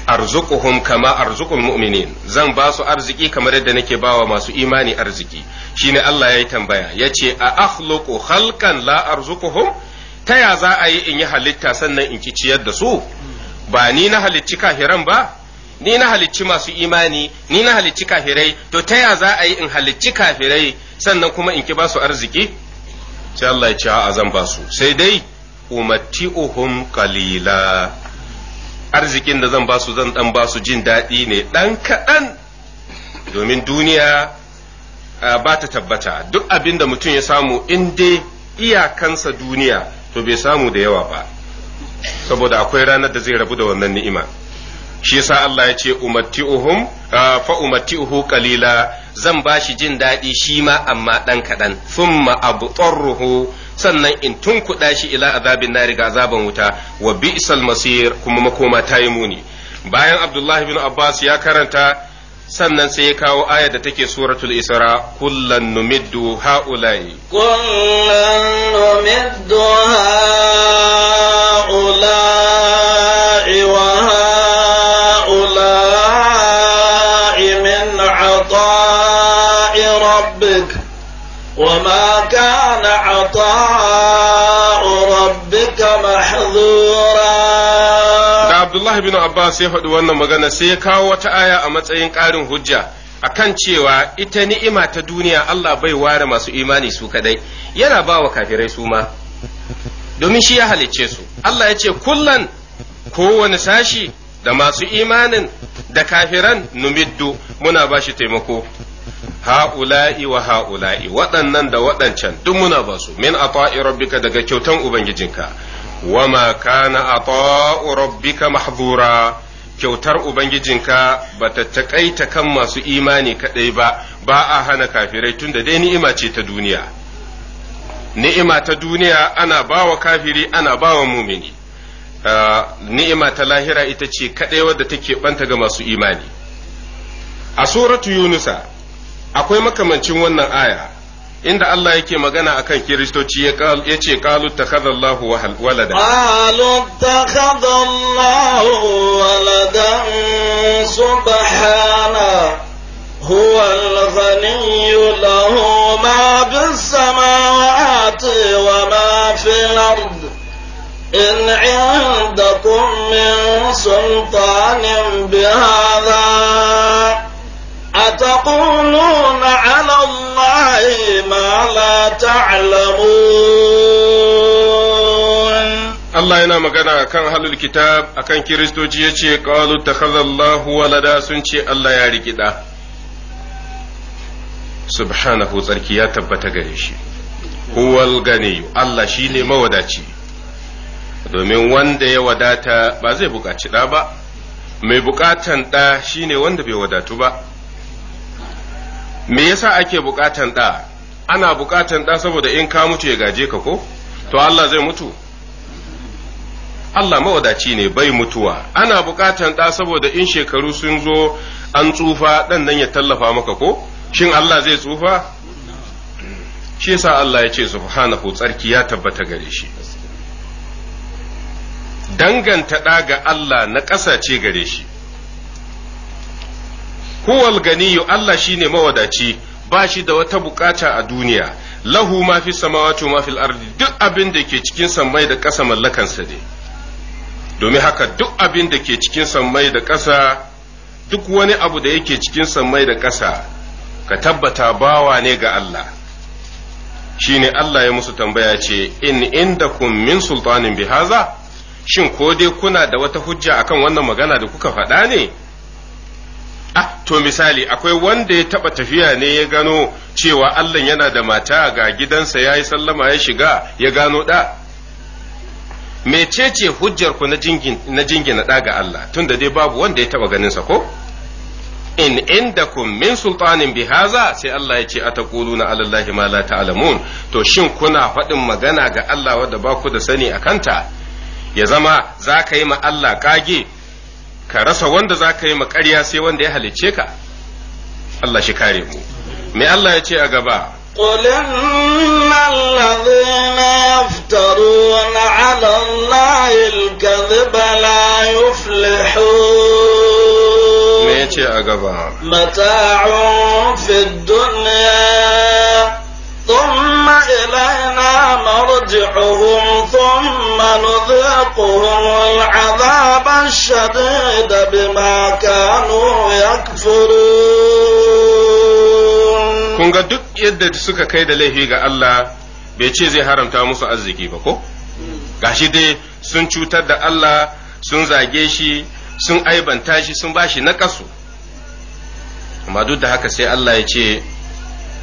arzuquhum kama arzuqul mu'minin zan ba su arziki kamar yadda nake bawa masu imani arziki shine Allah ya yi tambaya ce a akhluqu khalqan la arzukuhum ta ya za a yi in yi halitta sannan in ki ciyar da su ba ni na halicci kahiran ba ni na halicci masu imani ni na halicci kafirai to ta ya za a yi in halicci kafirai sannan kuma in ki ba su arziki sai Allah ya ce a zan ba su sai dai umatti'uhum qalila arzikin da zan ba su zan dan ba su jin daɗi ne dan kaɗan domin duniya ba ta tabbata duk abin da mutum ya samu in dai iyakansa duniya to bai samu da yawa ba saboda akwai ranar da zai rabu da wannan ni'ima shi yasa Allah ya ce umatti'uhum fa umatti'uhu qalila zan bashi jin daɗi shi ma amma ɗan kaɗan thumma abtarruhu sannan in tunkuɗa shi ila azabin nari ga azaban wuta wa bi'sal masir kuma makoma ta yi muni bayan Abdullahi bin Abbas ya karanta sannan sai ya kawo aya da take suratul isra kullan numiddu haula'i kullan numiddu haula'i wa haula'i min ata'i rabbik wa ma kana ata'u rabbika Abdullahi bin Abbas ya faɗi wannan magana sai ya kawo wata aya a matsayin ƙarin hujja akan cewa ita ni'ima ta duniya Allah bai ware masu imani su kadai yana ba wa kafirai su ma domin shi ya halicce su Allah ya ce kullan kowane sashi da masu imanin da kafiran numiddu muna ba shi taimako ha'ula'i wa ha'ula'i waɗannan da waɗancan duk muna ba su min a rabbika daga kyautan ubangijinka wama kana ata'u rabbika mahzura kyautar ubangijinka bata taƙaita kan masu imani kadai ba ba a hana kafirai tunda dai ni'ima ce ta duniya ni'ima ta duniya ana bawa kafiri ana bawa mumini ni'ima ta lahira ita ce kadai wadda take banta ga masu imani a suratu yunusa akwai makamancin wannan aya inda Allah yake magana akan kiristoci ya ce kalu takhadha Allah walada qalu takhadha Allah walada subhana huwa al-ghani lahu ma bis samawati wa ma fil ard إن عندكم من سلطان بهذا أتقولون بما لا تعلمون Allah yana magana kan halul kitab akan kiristoci ya ce ƙawalu ta Allahu walada sun ce Allah ya rikida. Subhanahu tsarki ya tabbata gare shi, huwal ganiyu Allah shi ne mawadaci, domin wanda ya wadata ba zai buƙaci ɗa ba, mai buƙatan ɗa shi ne wanda bai wadatu ba. Me yasa ake buƙatan ɗa? ana bukatan ɗa saboda in ka mutu ya gaje ka ko to Allah zai mutu Allah mawadaci ne bai mutuwa ana bukatan ɗa saboda in shekaru sun zo an tsufa ɗan nan ya tallafa maka ko shin Allah zai tsufa shi yasa Allah ya ce subhanahu tsarki ya tabbata gare shi danganta ɗa ga Allah na ƙasa ce gare shi huwal ganiyu Allah shine mawadaci ba shi da wata bukata a duniya lahu ma fi samawati ma fil ardi duk abin da ke cikin sammai da ƙasa mallakansa ne domin haka duk abin da ke cikin sammai da ƙasa duk wani abu da yake cikin sammai da ƙasa ka tabbata bawa ne ga Allah shine Allah ya musu tambaya ce in kun min sultanin bihaza shin ko dai kuna da wata hujja akan wannan magana da kuka faɗa ne ah to misali akwai wanda ya taba tafiya ne ya gano cewa Allah yana da mata ga gidansa ya yi sallama ya shiga ya gano ɗa mecece hujjar ku na jingina ɗa ga Allah tunda dai babu wanda ya taba sa ko in indakum min sultanin bihaza sai Allah ya ce a na alallahi ma la ta'lamun to shin kuna faɗin magana ga Allah wanda ba ku da sani a kanta ya zama za ka yi ma Allah kage ka rasa wanda za ka yi makarya sai wanda ya halicce ka Allah shi kare mu me Allah ya ce a gaba قل إن الذين يفترون على الله الكذب لا يفلحون متاع في الدنيا ثم إلينا مرجعهم ثم نذيقهم العذاب الشديد بما كانوا يكفرون kun ga duk yadda suka kai da laifi ga Allah bai ce zai haramta musu arziki ba ko gashi dai sun cutar da Allah sun zage shi sun aibanta shi sun ba shi naƙasu. amma duk da haka sai Allah ya ce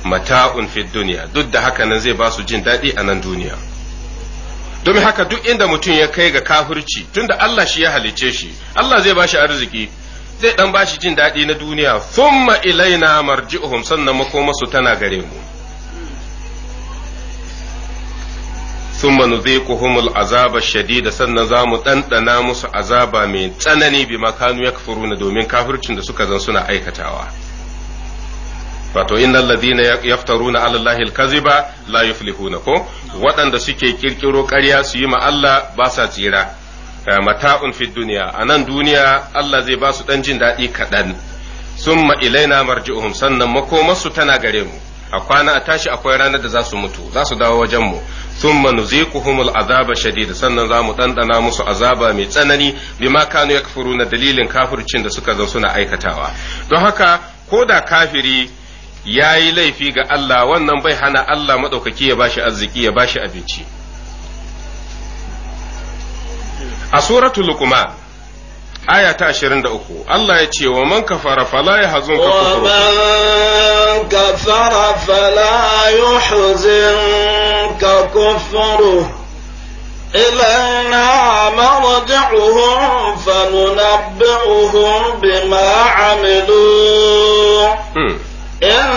mata'un fi duniya duk da haka nan zai ba su jin daɗi a nan duniya domin haka duk inda mutum ya kai ga kafirci tunda Allah shi ya halice shi Allah zai ba shi arziki zai dan ba shi jin daɗi na duniya thumma ilaina marji'uhum sannan makomasu tana gare mu thumma nudhiquhum al'azaba shadida sannan za mu dandana musu azaba mai tsanani bi makanu yakfuruna domin kafircin da suka zan suna aikatawa wato innal ladina yaftaruna ala allahi alkaziba la yuflihuna ko waɗanda suke kirkiro ƙarya su yi ma Allah ba sa tsira eh, mata'un fi duniya a nan duniya Allah zai ba su ɗan jin daɗi kaɗan summa ilaina marji'uhum sannan makomarsu tana gare mu a kwana a tashi akwai ranar da za su mutu za su dawo wajen mu thumma nuziquhumul azaba shadid sannan za mu dandana musu azaba mai tsanani bima kanu yakfuruna dalilin kafircin da suka zo suna aikatawa don haka ko da kafiri ya yi laifi ga Allah wannan bai hana Allah maɗaukaki ya bashi arziki ya bashi abinci a suratu lukuma aya ta uku Allah ya ce wa man kafara fala ya hazun ka kufru man kafara fala huzin ka kufuru. kufru na bi فننبئهم bi عملوا إن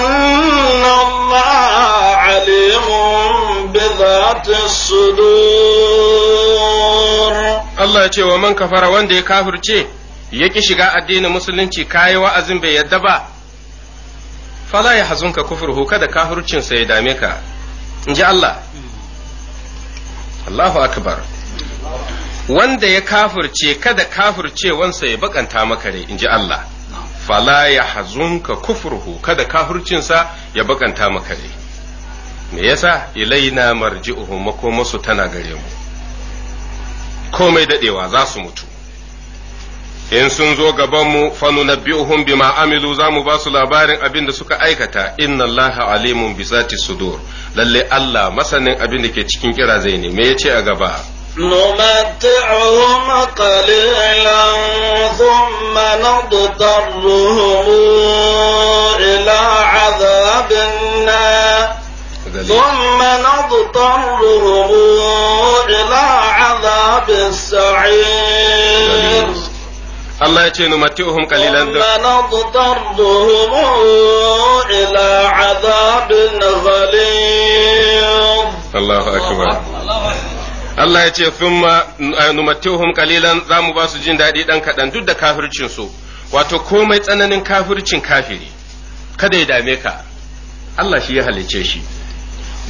الله عليم بذات الصدور الله يتي ومن كفر وان كافر تي يكي شغاء الدين مسلم تي كاي وأزم بي يدبا فلا يحزنك كفره كذا كافر تي سيداميك إن الله الله أكبر wanda ya kafirce kada kafirce wansa ya bakanta maka ne, in ji Allah fala ya hazunka kufurhu kada kafircinsa ya bakanta maka ne me yasa ilaina marji'uhum makomasu tana gare mu komai dadewa za su mutu in sun zo gabanmu fanu na biyuhun bima amilu za mu ba su labarin abin da suka aikata inna allaha alimun bi zati sudur lalle allah masanin abin da ke cikin kira zai ne me yace a gaba نمتعهم قليلا ثم نضطرهم إلى عذاب ثم نضطرهم إلى عذاب السعير الله يجي نمتعهم قليلا ثم نضطرهم إلى عذاب غليظ الله أكبر Allah ya ce thumma eh, numatihum qalilan za mu ba su jin daɗi ɗan kaɗan duk da kafircin su wato komai tsananin kafircin kafiri kada ya dame ka Allah shi ya halice shi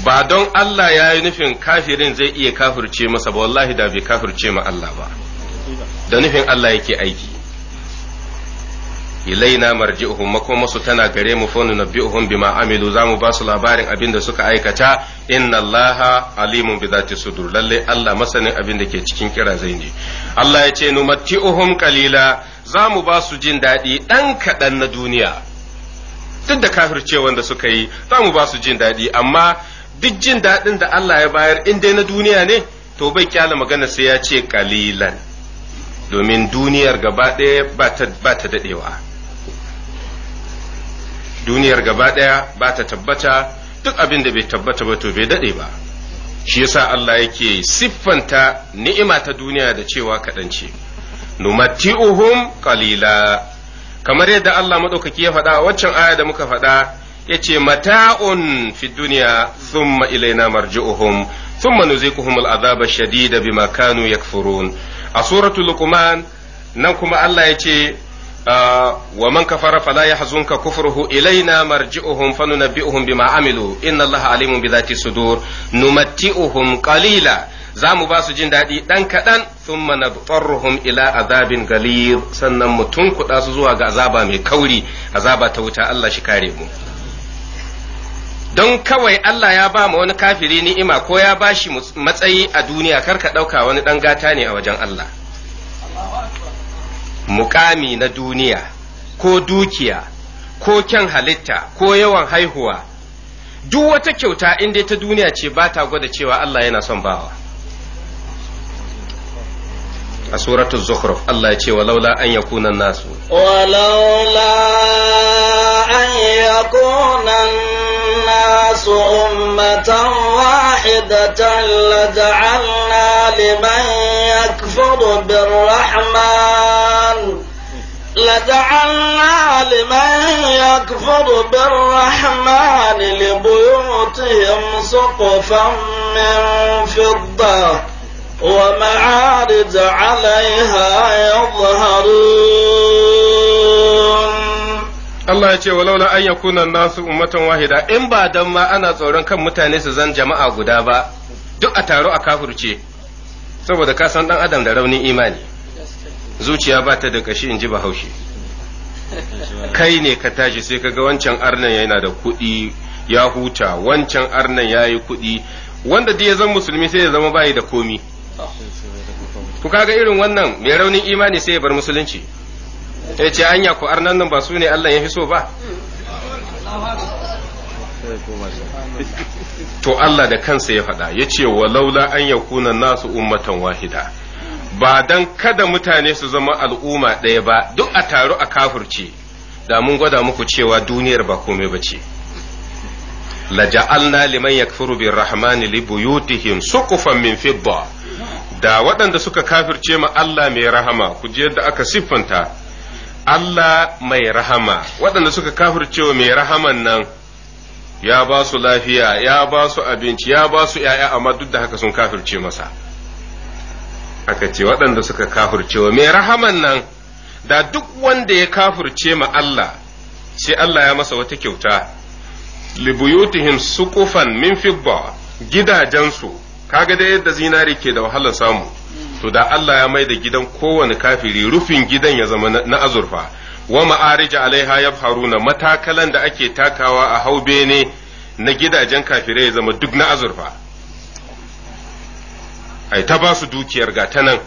ba don Allah ya yi nufin kafirin zai iya kafirce masa ba wallahi da bai kafirce ma Allah ba da nufin Allah yake aiki ilaina marji'uhum makomasu tana gare mu fa nunabbi'uhum bima amilu zamu ba su labarin abin da suka aikata inna allaha alimun bi zati sudur lalle Allah masanin abin da ke cikin zai ne Allah ya ce numatti'uhum qalila zamu ba su jin daɗi ɗan kaɗan na duniya duk da kafircewan da suka yi zamu ba su jin daɗi amma duk jin daɗin da Allah ya bayar in dai na duniya ne to bai kyala magana sai ya ce kalilan domin duniyar gaba ɗaya ba ta daɗewa duniyar gaba ɗaya ba ta tabbata duk abin da bai tabbata ba to bai daɗe ba shi yasa Allah yake siffanta ni'ima ta duniya da cewa kaɗan ce numati'uhum qalila kamar yadda Allah madaukaki ya faɗa a waccan aya da muka faɗa yace mata'un fi duniya thumma ilaina marji'uhum thumma nuziquhum al'azaba shadida bima kanu yakfurun a suratul luqman nan kuma Allah yace wa man kafara fala yahzunka kufruhu ilaina marji'uhum fanunabbi'uhum bima amilu inna allaha alimun bi dhati sudur numatti'uhum qalila za mu ba su jin daɗi ɗan kaɗan sun mana ila azabin galir sannan mu tunkuɗa su zuwa ga azaba mai kauri azaba ta wuta Allah shi kare mu don kawai Allah ya ba wani kafiri ni'ima ko ya ba shi matsayi a duniya kar ka ɗauka wani ɗan gata ne a wajen Allah Muƙami na duniya ko dukiya ko kyan halitta ko yawan haihuwa duk wata kyauta in ta duniya ce ba ta gwada cewa Allah yana son bawa a suratul zukhruf Allah ya ce laula an yakuna nasu Wa laula an yakuna الناس أمة واحدة لجعلنا liman yakfuru birrahman لجعلنا لمن يكفر بالرحمن لبيوتهم سقفا من فضة ومعارج عليها يظهرون Allah ya ce walaula an yakuna nasu ummatan wahida in ba dan ma ana tsoron kan mutane su zan jama'a guda ba duk a taro a kafurce saboda ka san dan adam da raunin imani zuciya ba ta da kashi in ji bahaushe kai ne ka tashi sai ka ga wancan arnan yana da kuɗi ya huta wancan arnan ya yi kuɗi wanda duk ya zama musulmi sai ya zama bayi da komi ku kaga irin wannan mai raunin imani sai ya bar musulunci ya ce anya ku arnan nan ba su ne Allah ya fi so ba to Allah da kansa ya faɗa ya ce walaula an yakuna nasu ummatan wahida ba dan kada mutane su zama al'umma ɗaya ba duk a taru a kafurce da mun gwada muku cewa duniyar ba komai ba ce ja'alna liman yakfuru bir rahmani li buyutihim suqufan min fidda da waɗanda suka kafirce ma Allah mai rahama ku ji yadda aka siffanta Allah mai rahama waɗanda suka kafirce wa mai rahaman nan ya ba su lafiya ya ba su abinci ya ba su ‘ya'ya amma duk da haka sun kafirce masa aka ce waɗanda suka kafurce wa mai rahaman nan da duk wanda ya kafurce ma Allah sai Allah ya masa wata kyauta libuyutihim suqufan min fibba gidajensu kaga da yadda zinari ke da wahalar samu to da Allah ya mai da gidan kowane kafiri rufin gidan ya zama na azurfa wa ma'arija alaiha yabharuna matakalan da ake takawa a haube ne na gidajen kafirai ya zama duk na azurfa ai ta ba su dukiyar ga ta nan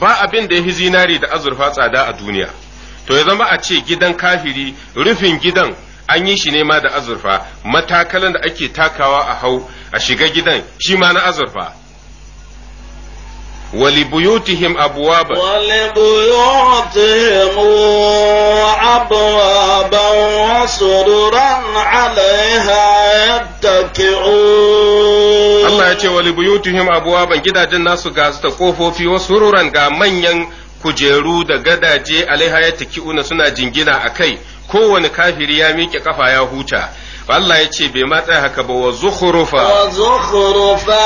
ba abin da ya fi zinari da azurfa tsada a duniya to ya zama a ce gidan kafiri rufin gidan an yi shi ne ma da azurfa matakalan da ake takawa a hau a shiga gidan shi ma na azurfa wali ولبيوتهم أبوابا ولبيوتهم أبوابا وسررا عليها يتكئون Allah ya ce wa libuyutihim abwaban gidajen nasu ga su ta kofofi wa sururan ga manyan kujeru da gadaje alaiha ya una suna jingina a kai kowane kafiri ya miƙe kafa ya huta Allah ya ce bai ma haka ba wa zukhrufa wa zukhrufa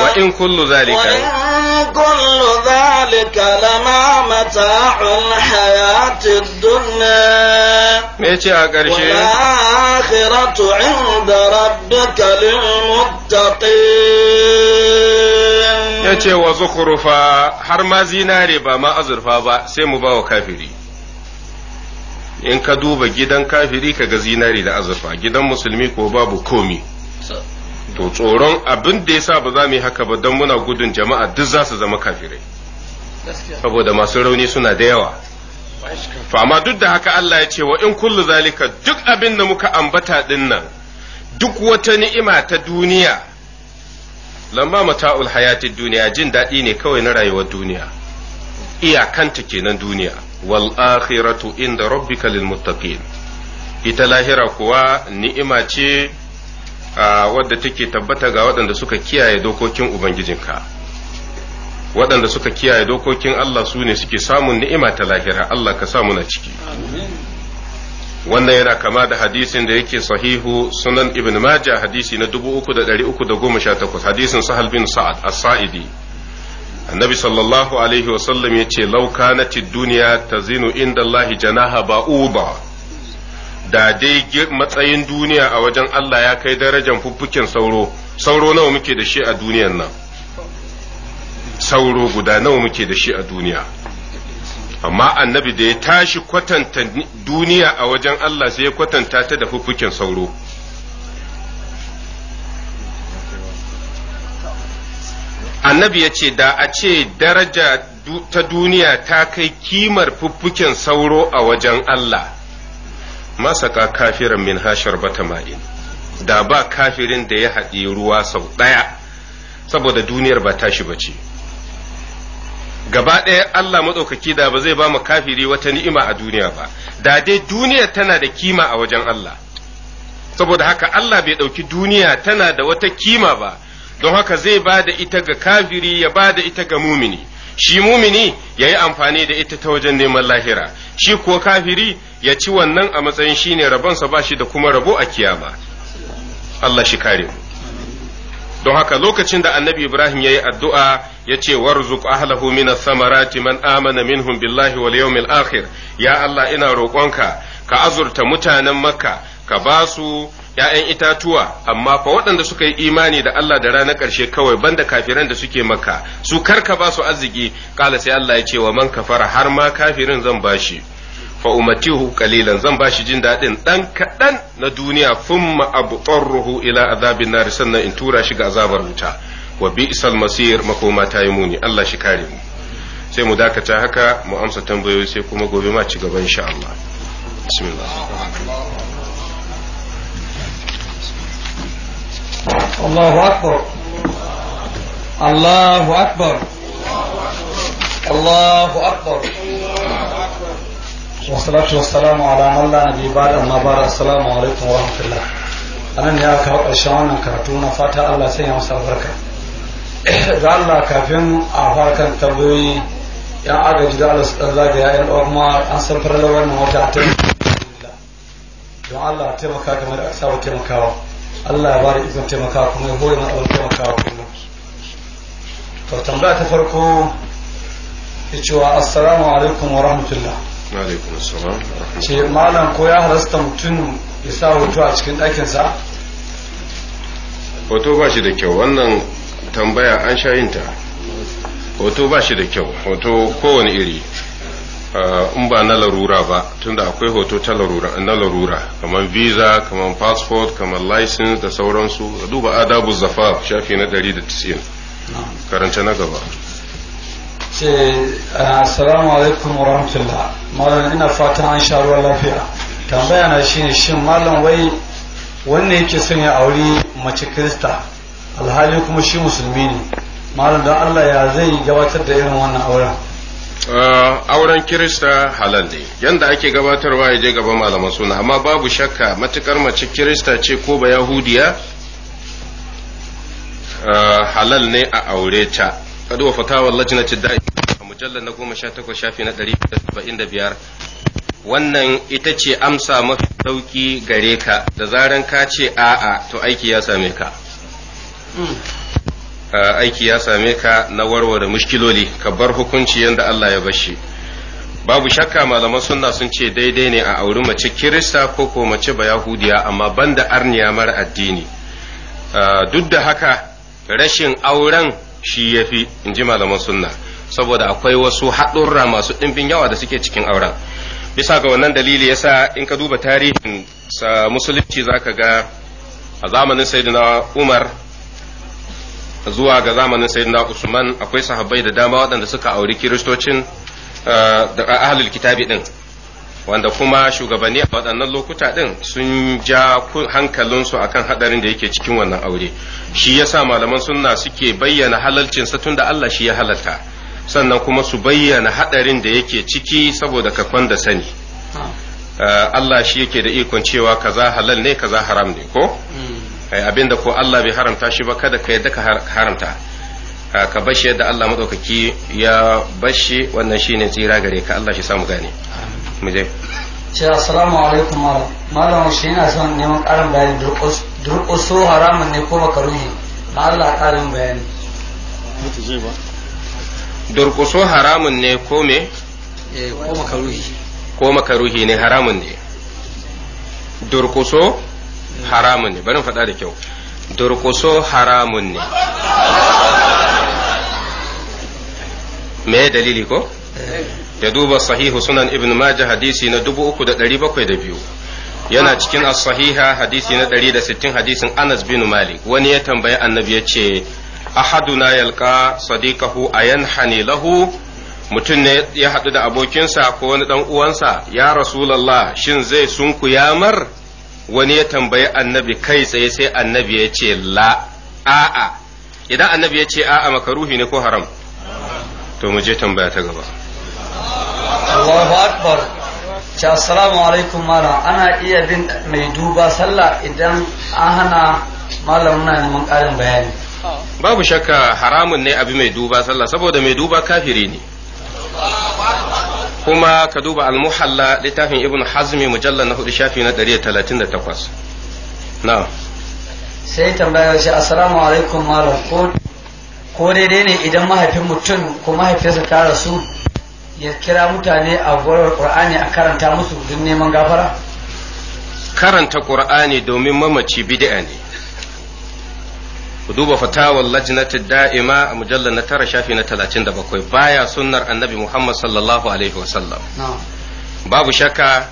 wa in kullu zalika wa in kullu zalika lama mata'ul hayatid dunya me ce a ƙarshe wa akhiratu inda rabbika lil muttaqin yace wa zukhrufa har ma zinare ba ma azurfa ba sai mu bawa kafiri in ka duba gidan kafiri ka ga zinari da azurfa gidan musulmi ko babu komi to tsoron abin da yasa ba za mu yi haka ba don muna gudun jama'a duk za su zama kafirai saboda masu rauni suna da yawa Fa amma duk da haka Allah ya ce wa in kullu zalika duk abin da muka ambata dinnan duk wata ni'ima ta duniya lamma mata'ul hayatid duniya jin daɗi ne kawai na rayuwar duniya iyakanta kenan duniya wal akhiratu inda rabbika lil muttaqin ita lahira kuwa ni'ima ce wadda take tabbata ga waɗanda suka kiyaye dokokin ubangijinka waɗanda suka kiyaye dokokin Allah su ne suke samun ni'ima ta lahira Allah ka samu na ciki wannan yana kama da hadisin da yake sahihu sunan ibn majah hadisi na 3318 hadisin sahal bin sa'ad as-sa'idi annabi sallallahu alaihi wa sallam ya ce laukanati duniya ta zinu inda Allah janaha ba'uba da dai matsayin duniya a wajen Allah ya kai darajar fuffuken sauro sauro nawa muke da shi a duniyar nan sauro guda nawa muke da shi a duniya amma annabi da ya tashi kwatanta duniya a wajen Allah sai ya kwatanta ta da fuffuken sauro annabi ya ce da a ce daraja ta duniya ta kai kimar fuffuken sauro a wajen Allah masaka kafiran min hashar batama'in da ba kafirin da ya haɗe ruwa sau ɗaya saboda duniyar ba tashi ba ce gaba ɗaya Allah matsaukaki da ba zai ba mu kafiri wata ni'ima a duniya ba da dai duniya tana da kima a wajen Allah saboda haka Allah bai ɗauki duniya tana da wata kima ba don haka zai ba da ita ga kafiri ya ba da ita ga mumini shi mumini ya yi amfani da ita ta wajen neman lahira shi ko kafiri ya ci wannan a matsayin shi ne rabonsa ba shi da kuma rabo a kiyama Allah shi kare mu don haka lokacin da annabi ibrahim ya yi addu'a ya ce warzuk ahlahu min samarati man amana minhum billahi wal yawmil akhir ya Allah ina roƙonka ka azurta mutanen makka ka ba su ‘ya'yan itatuwa, amma fa waɗanda suka yi imani da Allah da ranar ƙarshe kawai banda kafiran da suke maka, su karka ba su arziki, ƙala sai Allah ya ce wa man kafara har ma kafirin zan bashi. Fa umatihu kalilan zan bashi jin daɗin ɗan kaɗan na duniya fumma abu ruhu ila azabin nari sannan in tura shi ga azabar wuta. Wa bi isal masir makoma ta yi muni, Allah shi kare mu. Sai mu dakata haka mu amsa tambayoyi sai kuma gobe ma ci gaba insha Allah. Bismillah. الله أكبر الله أكبر الله أكبر والصلاة والسلام على من لا نبي بعد أما بعد السلام عليكم ورحمة الله أنا نياك أشعان كرتون فاتا الله سيئا وسلبركا إذا الله كافيم أعفارك التبوي يا أجل جدال الزاق يا أين أغمار أنصر فرلوان موجعتين دعا الله تبكا كمير أكسا وكمكاوه Allah ya bada izin taimaka kuma ya goyi na abin taimakawa kuma to tambaya ta farko ya cewa assalamu alaikum wa rahmatullah alaikum assalam ce malam ko ya halasta mutum ya sa hoto a cikin ɗakinsa hoto ba shi da kyau wannan tambaya an sha yinta hoto ba shi da kyau hoto kowane iri Ah, in ba na larura ba tunda akwai hoto ta larura na larura kamar visa kamar passport kamar license da sauransu duba adabu zafa shafi na 190 karanta na gaba ce ah, assalamu alaikum wa rahmatullah malam ina fatan an sha ruwan lafiya tambaya na shine shin malam wai wanne yake son ya aure mace krista alhali kuma shi musulmi ne malam don allah ya zai gabatar da irin wannan auren Uh, auren kirista halal ne yanda ake gabatarwa ya je gaba malaman suna amma babu shakka matukar mace kirista ce ko ba yahudiya uh, halal ne a aure ta wa fatawar ci da'i a mujallar na goma sha takwas shafi na ɗari saba'in da biyar wannan ita ce amsa mafi sauki gare ka da zaran ka ce a'a to aiki ya same ka hmm. Eh, aiki ya same ka na warware mushkiloli ka bar hukunci yadda Allah ya bashi babu shakka malaman sunna sun ce daidai ne a auri mace kirista ko ko mace bayahudiya yahudiya amma banda arniya mara addini eh, duk da haka rashin auren shi ya fi in ji malaman sunna saboda akwai wasu haɗurra masu ɗimbin yawa da suke cikin auren bisa ga wannan dalili yasa in ka duba tarihin musulunci zaka ga a zamanin sayyidina umar zuwa ga zamanin na usman akwai sahabbai da dama waɗanda suka auri kiristocin uh, da ahlul kitabi ɗin wanda kuma shugabanni a waɗannan lokuta ɗin sun ja hankalinsu kan hadarin da yake cikin wannan aure shi ya sa malaman sunna suke bayyana halalcinsa sa da Allah shi ya halalta sannan kuma su bayyana haɗarin da yake ciki saboda kafan da sani ah. uh, Allah shi yake da ikon cewa kaza halal ne kaza haram ne ko hmm. Eh, abinda ko Allah bai haramta shi ba kada ka yadda ka haramta eh, ka bashi yadda Allah madaukaki ya bashi wannan shine tsira gare ka Allah shi samu gane mu je ce assalamu alaikum malam malam shi yana son neman karin bayani durkoso haramun ne ko makaruhi ma Allah karin bayani Durkoso haramun ne ko me eh, ko makaruhi ko makaruhi ne haramun ne durkoso. haramun ne bari faɗa da kyau durƙuso haramun ne me dalili ko Da duba sahihu sunan ibn majah hadisi na 3702 yana cikin as-sahiha hadisi na 160 hadisin Anas bin Malik wani ya tambayi annabi ya ce ahaduna yalka sadiqahu ayan hanilahu mutum ne ya haɗu da abokinsa ko wani ɗan uwansa ya rasulallah shin zai sunku yamar wani ya tambayi annabi kai tsaye sai annabi ya ce la a'a idan annabi ya ce a'a makaruhi ne ko haram to mu je tambaya ta gaba Allahu akbar ce assalamu alaikum mala ana iya bin mai duba sallah idan an hana malam ne neman ƙarin bayani babu shakka haramun ne abi mai duba sallah saboda mai duba kafiri ne kuma ka duba al-muhalla littafin ibn hazmi mujalla na hudu shafi na 138 na sai tambaya shi assalamu alaikum malam ko ko daidai ne idan mahaifin mutum ko mahaifinsa ta rasu ya kira mutane a gwarar qur'ani a karanta musu don neman gafara karanta qur'ani domin mamaci bid'a ne ku duba fatawar lajnati da'ima a mujallar na tara shafi na talatin da bakwai baya sunnar annabi muhammad sallallahu alaihi wasallam babu shakka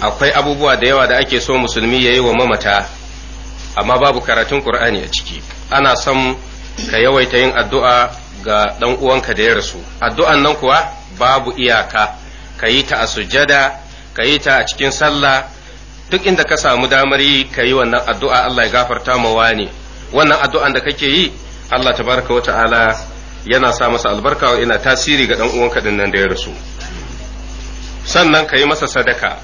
akwai abubuwa da yawa da ake so musulmi ya yi wa mamata amma babu karatun qur'ani a ciki ana son ka yawaita yin addu'a ga dan uwanka da ya rasu addu'an nan kuwa babu iyaka ka yi ta a sujada ka yi ta a cikin sallah duk inda ka samu damar yi ka yi wannan addu'a Allah ya gafarta ma wani wannan addu'an da kake yi Allah ta baraka wata'ala yana sa masa albarka wa ina tasiri ga dan uwanka din nan da ya rasu sannan ka yi masa sadaka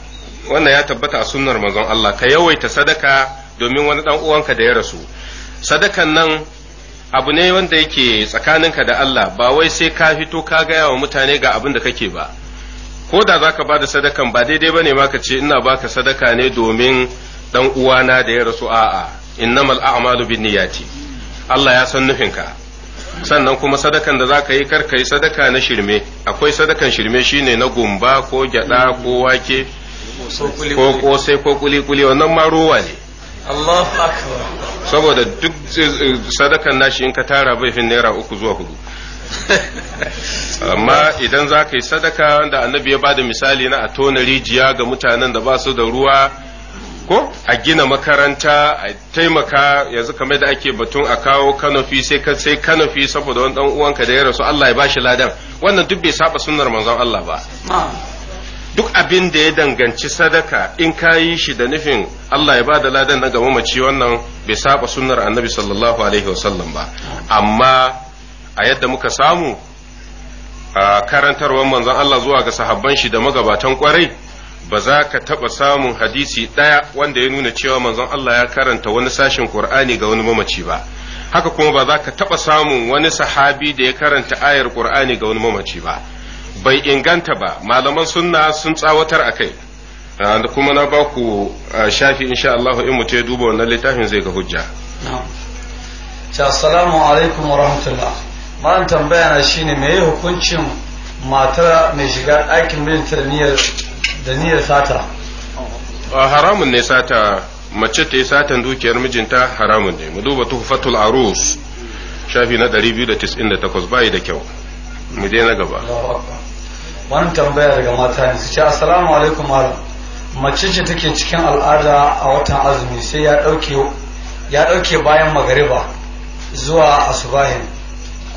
wannan ya tabbata a sunnar mazan Allah ka yawaita sadaka domin wani dan uwanka da ya rasu sadakan nan abu ne wanda yake tsakaninka da Allah ba wai sai ka fito ka gaya wa mutane ga abin da kake ba ko da za ka ba da sadakan ba daidai ba ne ma ka ce ina baka sadaka ne domin ɗan uwana da ya rasu a'a innamal a'malu binniyati Allah ya san nufinka sannan kuma sadakan da za ka yi kar yi sadaka na shirme akwai sadakan shirme shine na gumba ko gyada ko wake ko kosai ko kuli-kuli wannan ma rowa ne saboda duk eh, eh, sadakan nashi in ka tara bai fin naira uku zuwa hudu *laughs* amma idan za ka yi sadaka da annabi ya ba da misali na a tona rijiya ga mutanen da ba su da ruwa ko a gina makaranta a taimaka yanzu kamar da ake batun a kawo kanofi sai ka kanofi saboda wani dan uwanka da ya rasu Allah ya bashi ladan wannan duk bai saba sunnar manzon Allah ba duk abin da ya danganci sadaka in ka yi shi da nufin Allah ya bada ladan na ga mamaci wannan bai saba sunnar annabi sallallahu alaihi wasallam ba amma a yadda muka samu a karantarwar manzon Allah zuwa ga sahabban shi da magabatan kwarai ba za ka taɓa samun hadisi ɗaya wanda ya nuna cewa manzon Allah ya karanta wani sashen Qur'ani ga wani mamaci ba haka kuma ba za ka taɓa samun wani sahabi da ya karanta ayar Qur'ani ga wani mamaci ba bai inganta ba malaman sunna sun tsawatar a kai kuma na ba ku shafi insha Allah in mutum ya duba wannan littafin zai ga hujja. Assalamu alaikum wa rahmatullah. ma'an tambaya na shine ne yi hukuncin matar mai shiga aikin mijinta da niyyar sata haramun ne sata mace ta yi satan dukiyar mijinta haramun ne mu duba tuhfatul arus shafi na 298 bai da kyau mu je na gaba wannan tambaya daga mata ne su ce assalamu alaikum mace ce take cikin al'ada a watan azumi sai ya dauke ya dauke bayan magariba zuwa asubahin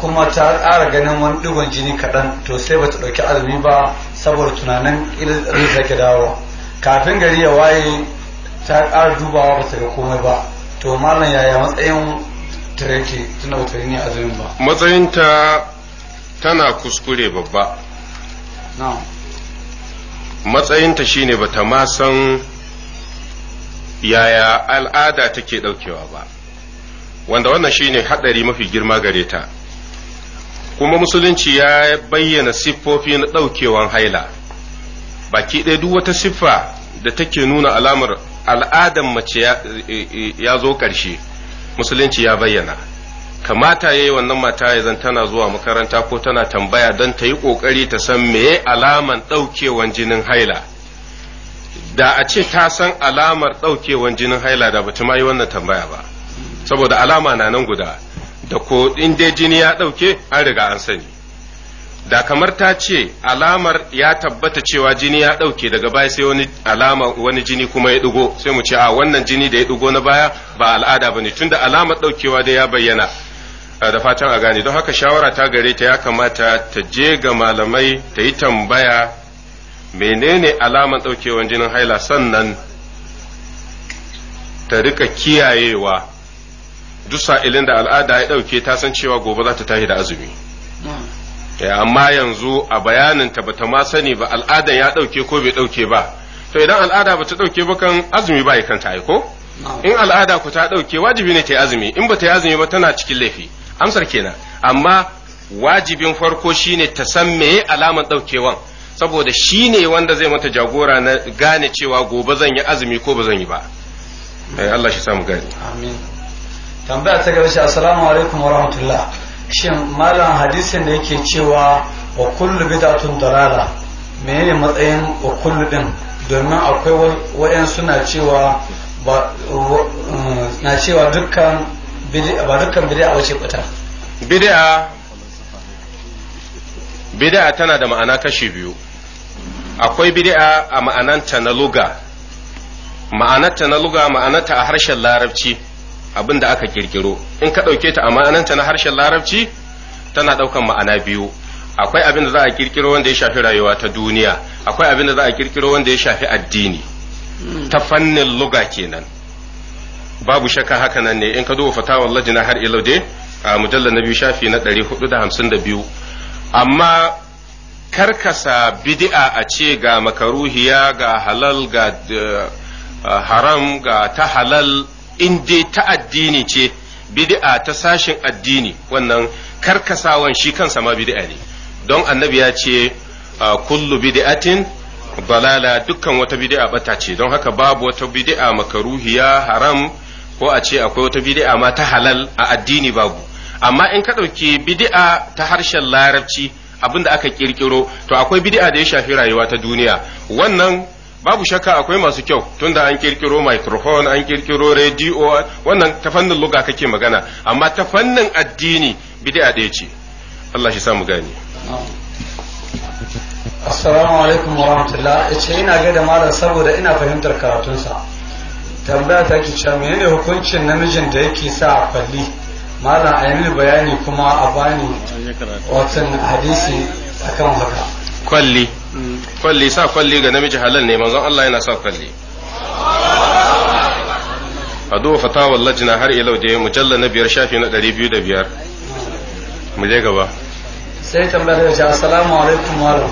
kuma ta ƙara ganin wani digon jini kaɗan to sai bata ɗauki azumi ba saboda tunanin irin take dawo kafin gari ya waye ta ƙara dubawa ba ta ga komai ba to malam yaya matsayin ta yake tana bata yi azumin ba matsayinta tana kuskure babba matsayinta shine bata ma san yaya al'ada take ɗaukewa ba wanda wannan shine haɗari mafi girma gare ta kuma musulunci ya bayyana siffofi na ɗaukewan haila baki ɗaya duk wata siffa da take nuna alamar al'adan mace e, e, ya zo ƙarshe musulunci ya bayyana kamata ya yi wannan mata ya zan tana zuwa makaranta ko tana tambaya don ta yi ƙoƙari ta san meye alaman ɗaukewan jinin haila da a ce ta san alamar ɗaukewan jinin haila da bata ma yi wannan tambaya ba saboda alama na nan guda da ko in dai jini ya ɗauke an riga an sani da kamar ta ce alamar ya tabbata cewa jini ya ɗauke daga baya sai wani alama wani jini kuma ya ɗigo sai mu ce a wannan jini da ya ɗigo na baya ba al'ada ba ne tunda alamar ɗaukewa da ya bayyana da fatan a gane don haka shawara ta gare ta ya kamata ta je ga malamai ta yi tambaya menene alamar ɗaukewar jinin haila sannan ta rika kiyayewa duk sa'ilin da al'ada ya ɗauke ta san cewa gobe za ta tashi da azumi eh, amma yanzu a bayanin bayaninta bata ma sani ba al'ada ya ɗauke ko bai ɗauke ba to idan al'ada bata ɗauke ba kan azumi ba ya kanta aiko in al'ada ku ta ɗauke wajibi ne ta azumi in ba azumi ba tana cikin laifi amsar kenan amma wajibin farko shine ta san meye alaman ɗaukewan saboda shi ne wanda zai mata jagora na gane cewa gobe zan yi azumi ko ba zan yi ba eh, Allah shi samu gani amin tambaya ta gaba shi assalamu alaikum wa rahmatullah shin malam hadisin da yake cewa wa kullu bid'atun dalala menene matsayin wa kullu din domin akwai wayan suna cewa ba na cewa dukkan bid'a ba dukkan bid'a wace kwata. bid'a bid'a tana da ma'ana kashi biyu akwai bid'a a ma'ananta na luga ma'ananta na luga ma'ananta a harshen larabci abin da aka kirkiro in ka ɗauke ta a ma'ananta na harshen larabci tana ɗaukan ma'ana biyu akwai abin da za a kirkiro wanda ya shafi rayuwa ta duniya akwai abin da za a kirkiro wanda ya shafi addini hmm. ta fannin luga kenan babu shakka haka nan ne in ka duba fatawar lajina har ilo dai a mujallar na biyu shafi na 452 amma karkasa bid'a a ce ga makaruhiya ga halal ga eh, haram ga ta halal in dai ta addini ce bid'a ta sashin addini wannan karkasawan shi kansa ma bid'a ne don annabi ya ce kullu bid'atin balala dukkan wata bid'a bata ce don haka babu wata bid'a makaruhiya haram ko a ce akwai wata bid'a ma ta halal a addini babu amma in ka ɗauki bid'a ta harshen larabci abinda aka kirkiro to akwai bid'a da ya shafi rayuwa ta duniya wannan babu shakka akwai masu kyau tunda an kirkiro microphone an kirkiro radio wannan ta fannin luga kake magana amma ta fannin addini bid'a ɗaya ce Allah shi sa mu gane Assalamu alaikum wa rahmatullah ce ina ga da malam saboda ina fahimtar karatunsa tambaya ta ke cewa menene hukuncin namijin da yake sa falli malam a yi bayani kuma a bani watan hadisi akan haka kwalli kwalli sa kwalli ga namiji halal ne manzon Allah yana sa kwalli a fatawa fatawar lajina har ilau da mujalla na biyar shafi na ɗari biyu da biyar mu je gaba sai tambayar da ce assalamu alaikum malam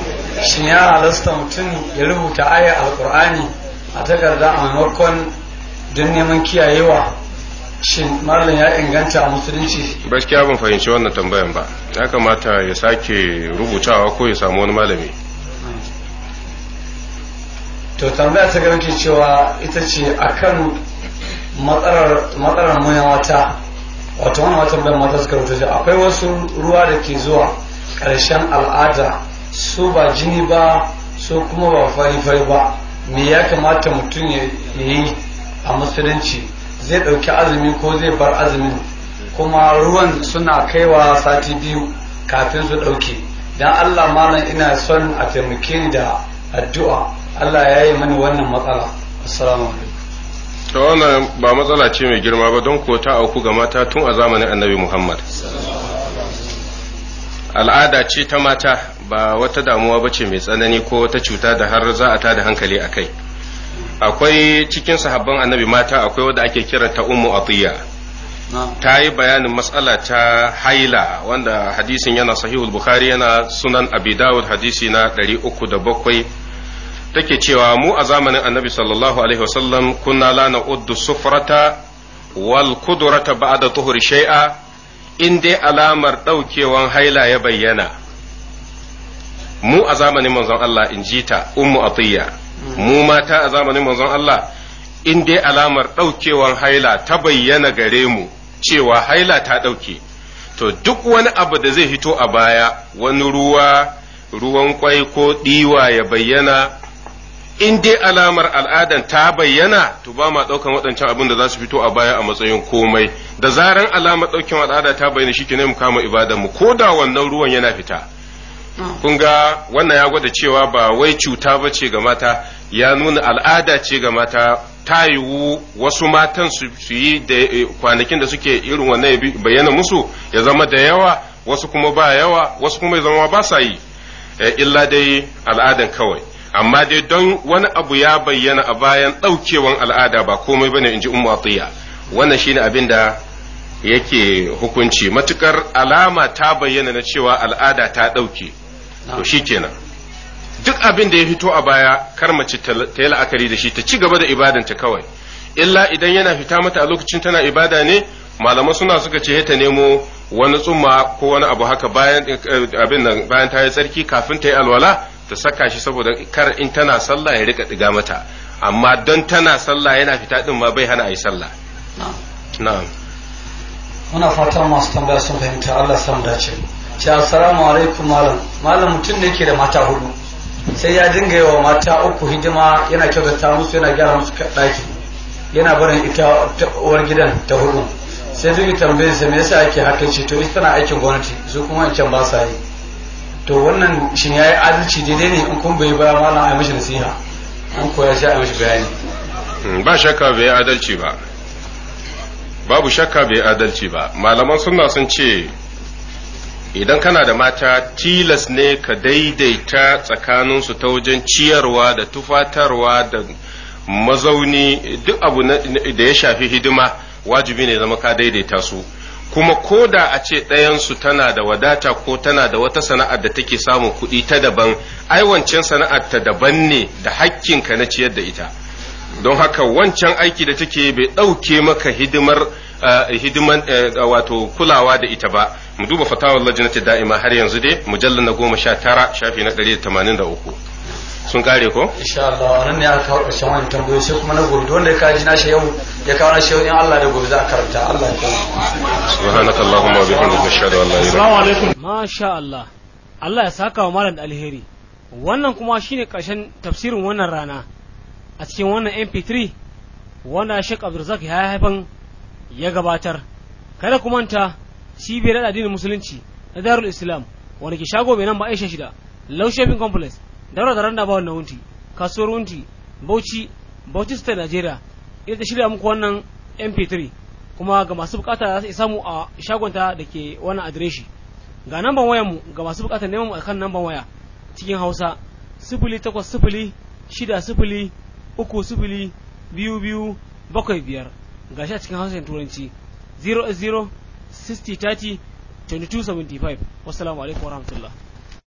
shin ya halasta mutum ya rubuta ayar alkur'ani a takarda a maimakon don neman kiyayewa shin malam ya inganta a musulunci gaskiya ban fahimci wannan tambayan ba ya kamata ya sake rubutawa ko ya samu wani malami to tambaya ta garke cewa ita ce a kan matsalar muyan wata wato wani wata bayan mata suka rubuta akwai wasu ruwa da ke zuwa ƙarshen al'ada su ba jini ba su kuma ba fari-fari ba me ya kamata mutum ya yi a musulunci zai ɗauki azumi ko zai bar azumin kuma ruwan suna kaiwa sati biyu kafin su ɗauke don allah malam ina son a taimake ni da addu'a Allah ya yi mani wannan matsala assalamu alaikum wannan ba matsala ce mai girma ba don ko ta auku ga mata tun a zamanin annabi Muhammad al'ada ce ta mata ba wata damuwa ba ce mai tsanani ko wata cuta da har za a ta da hankali a kai akwai cikin sahabban annabi mata akwai wadda ake kiranta ummu atiya ta yi bayanin matsala ta haila wanda hadisin yana sahihul bukhari yana sunan abi dawud hadisi na 307 take cewa mu a zamanin annabi sallallahu alaihi wasallam kunna la na'uddu sufrata wal qudrata ba'da tuhur shay'a in dai alamar daukewan haila ya bayyana mu a zamanin manzon Allah in jita ummu atiyya mu mata a zamanin manzon Allah in dai alamar daukewan haila ta bayyana gare mu cewa haila ta dauke to duk wani abu da zai hito a baya wani ruwa ruwan kwai ko diwa ya bayyana in dai alamar al'adan ta bayyana to ba ma ɗaukan waɗancan abin da za su fito a baya a matsayin komai da zaran alamar ɗaukin al'ada ta bayyana shi ne mu kama ibadan mu ko da wannan ruwan yana fita kun ga wannan ya gwada cewa ba wai cuta ba ce ga mata ya nuna al'ada ce ga mata ta yiwu wasu matan su yi da eh, kwanakin da suke irin wannan bayyana musu ya zama da yawa wasu kuma ba yawa wasu kuma ya zama ba sa yi eh, illa dai al'adan kawai amma dai don wani abu ya bayyana a bayan ɗaukewan al'ada ba komai bane in ji ummu atiya wannan shine abin da yake hukunci matukar alama ta bayyana na cewa al'ada ta ɗauke to shi kenan duk abin da ya fito a baya kar mace ta yi la'akari da shi ta ci gaba da ibadanta kawai illa idan yana fita mata a lokacin tana ibada ne malamai suna suka ce ta nemo wani tsumma ko wani abu haka bayan eh, abin nan bayan ta yi tsarki kafin ta yi alwala ta saka shi saboda kar in tana sallah ya rika diga mata amma don tana sallah yana fita din ma bai hana a yi sallah na'am muna fatan masu tambaya sun fahimta Allah sam dace ce assalamu alaikum malam malam mutum ne ke da mata hudu sai ya dinga yawa mata uku hidima yana kyautata musu yana gyara musu ɗaki yana barin ita uwar gidan ta hudu sai duk tambayar sa me yasa ake haka ce to ita tana aikin gwamnati su kuma in can ba sa yi to wannan shin yayi adalci daidai ne in kun bai ba malam ai mishi nasiha an koya sai ai mishi bayani hmm, ba shakka bai adalci ba babu shakka bai adalci ba malaman suna sun ce idan kana da mata tilas ne ka daidaita tsakaninsu ta wajen ciyarwa da tufatarwa da mazauni duk abu da ya shafi hidima wajibi ne zama ka daidaita su kuma ko da a ce ɗayansu tana da wadata ko tana da wata sana'ar da take samun kuɗi ta daban ai wancan sana'ar ta daban ne da ka na ciyar da ita don haka wancan aiki da take bai ɗauke maka hidimar eh, hidiman eh, wato kulawa da ita ba mu duba fatawar lajinati da'ima har yanzu dai mujallar na goma sha tara shafi na ɗari da da uku sun kare ko insha Allah wannan ne aka kawo ƙarshen wani tambayoyi sai kuma na gobe wanda ka ji na shi yau ya kawo na shi yau in Allah da gobe za a karanta Allah ya kawo subhanaka allahumma wa bihamdika ashhadu an la ilaha illa anta alaikum masha Allah Allah ya saka wa malam alheri wannan kuma shine ƙarshen tafsirin wannan rana a cikin wannan MP3 wanda Sheikh Abdulrazak ya haifan ya gabatar kada ku manta cibiyar addinin musulunci na Darul Islam wanda ke shago mai nan ba Aisha shida Low Shopping Complex daura da randa ba wannan wunti kasuwar wunti bauchi bauchi state nigeria ita ta shirya muku wannan mp3 kuma ga masu bukata za su samu a shagonta da ke wannan adireshi ga namban wayar mu ga masu bukata neman mu kan namban waya cikin hausa sifili takwas sifili shida sifili uku sifili biyu biyu bakwai biyar ga shi a cikin hausa turanci 0 0 60 30 22 75 wasu alaikum warahmatullahi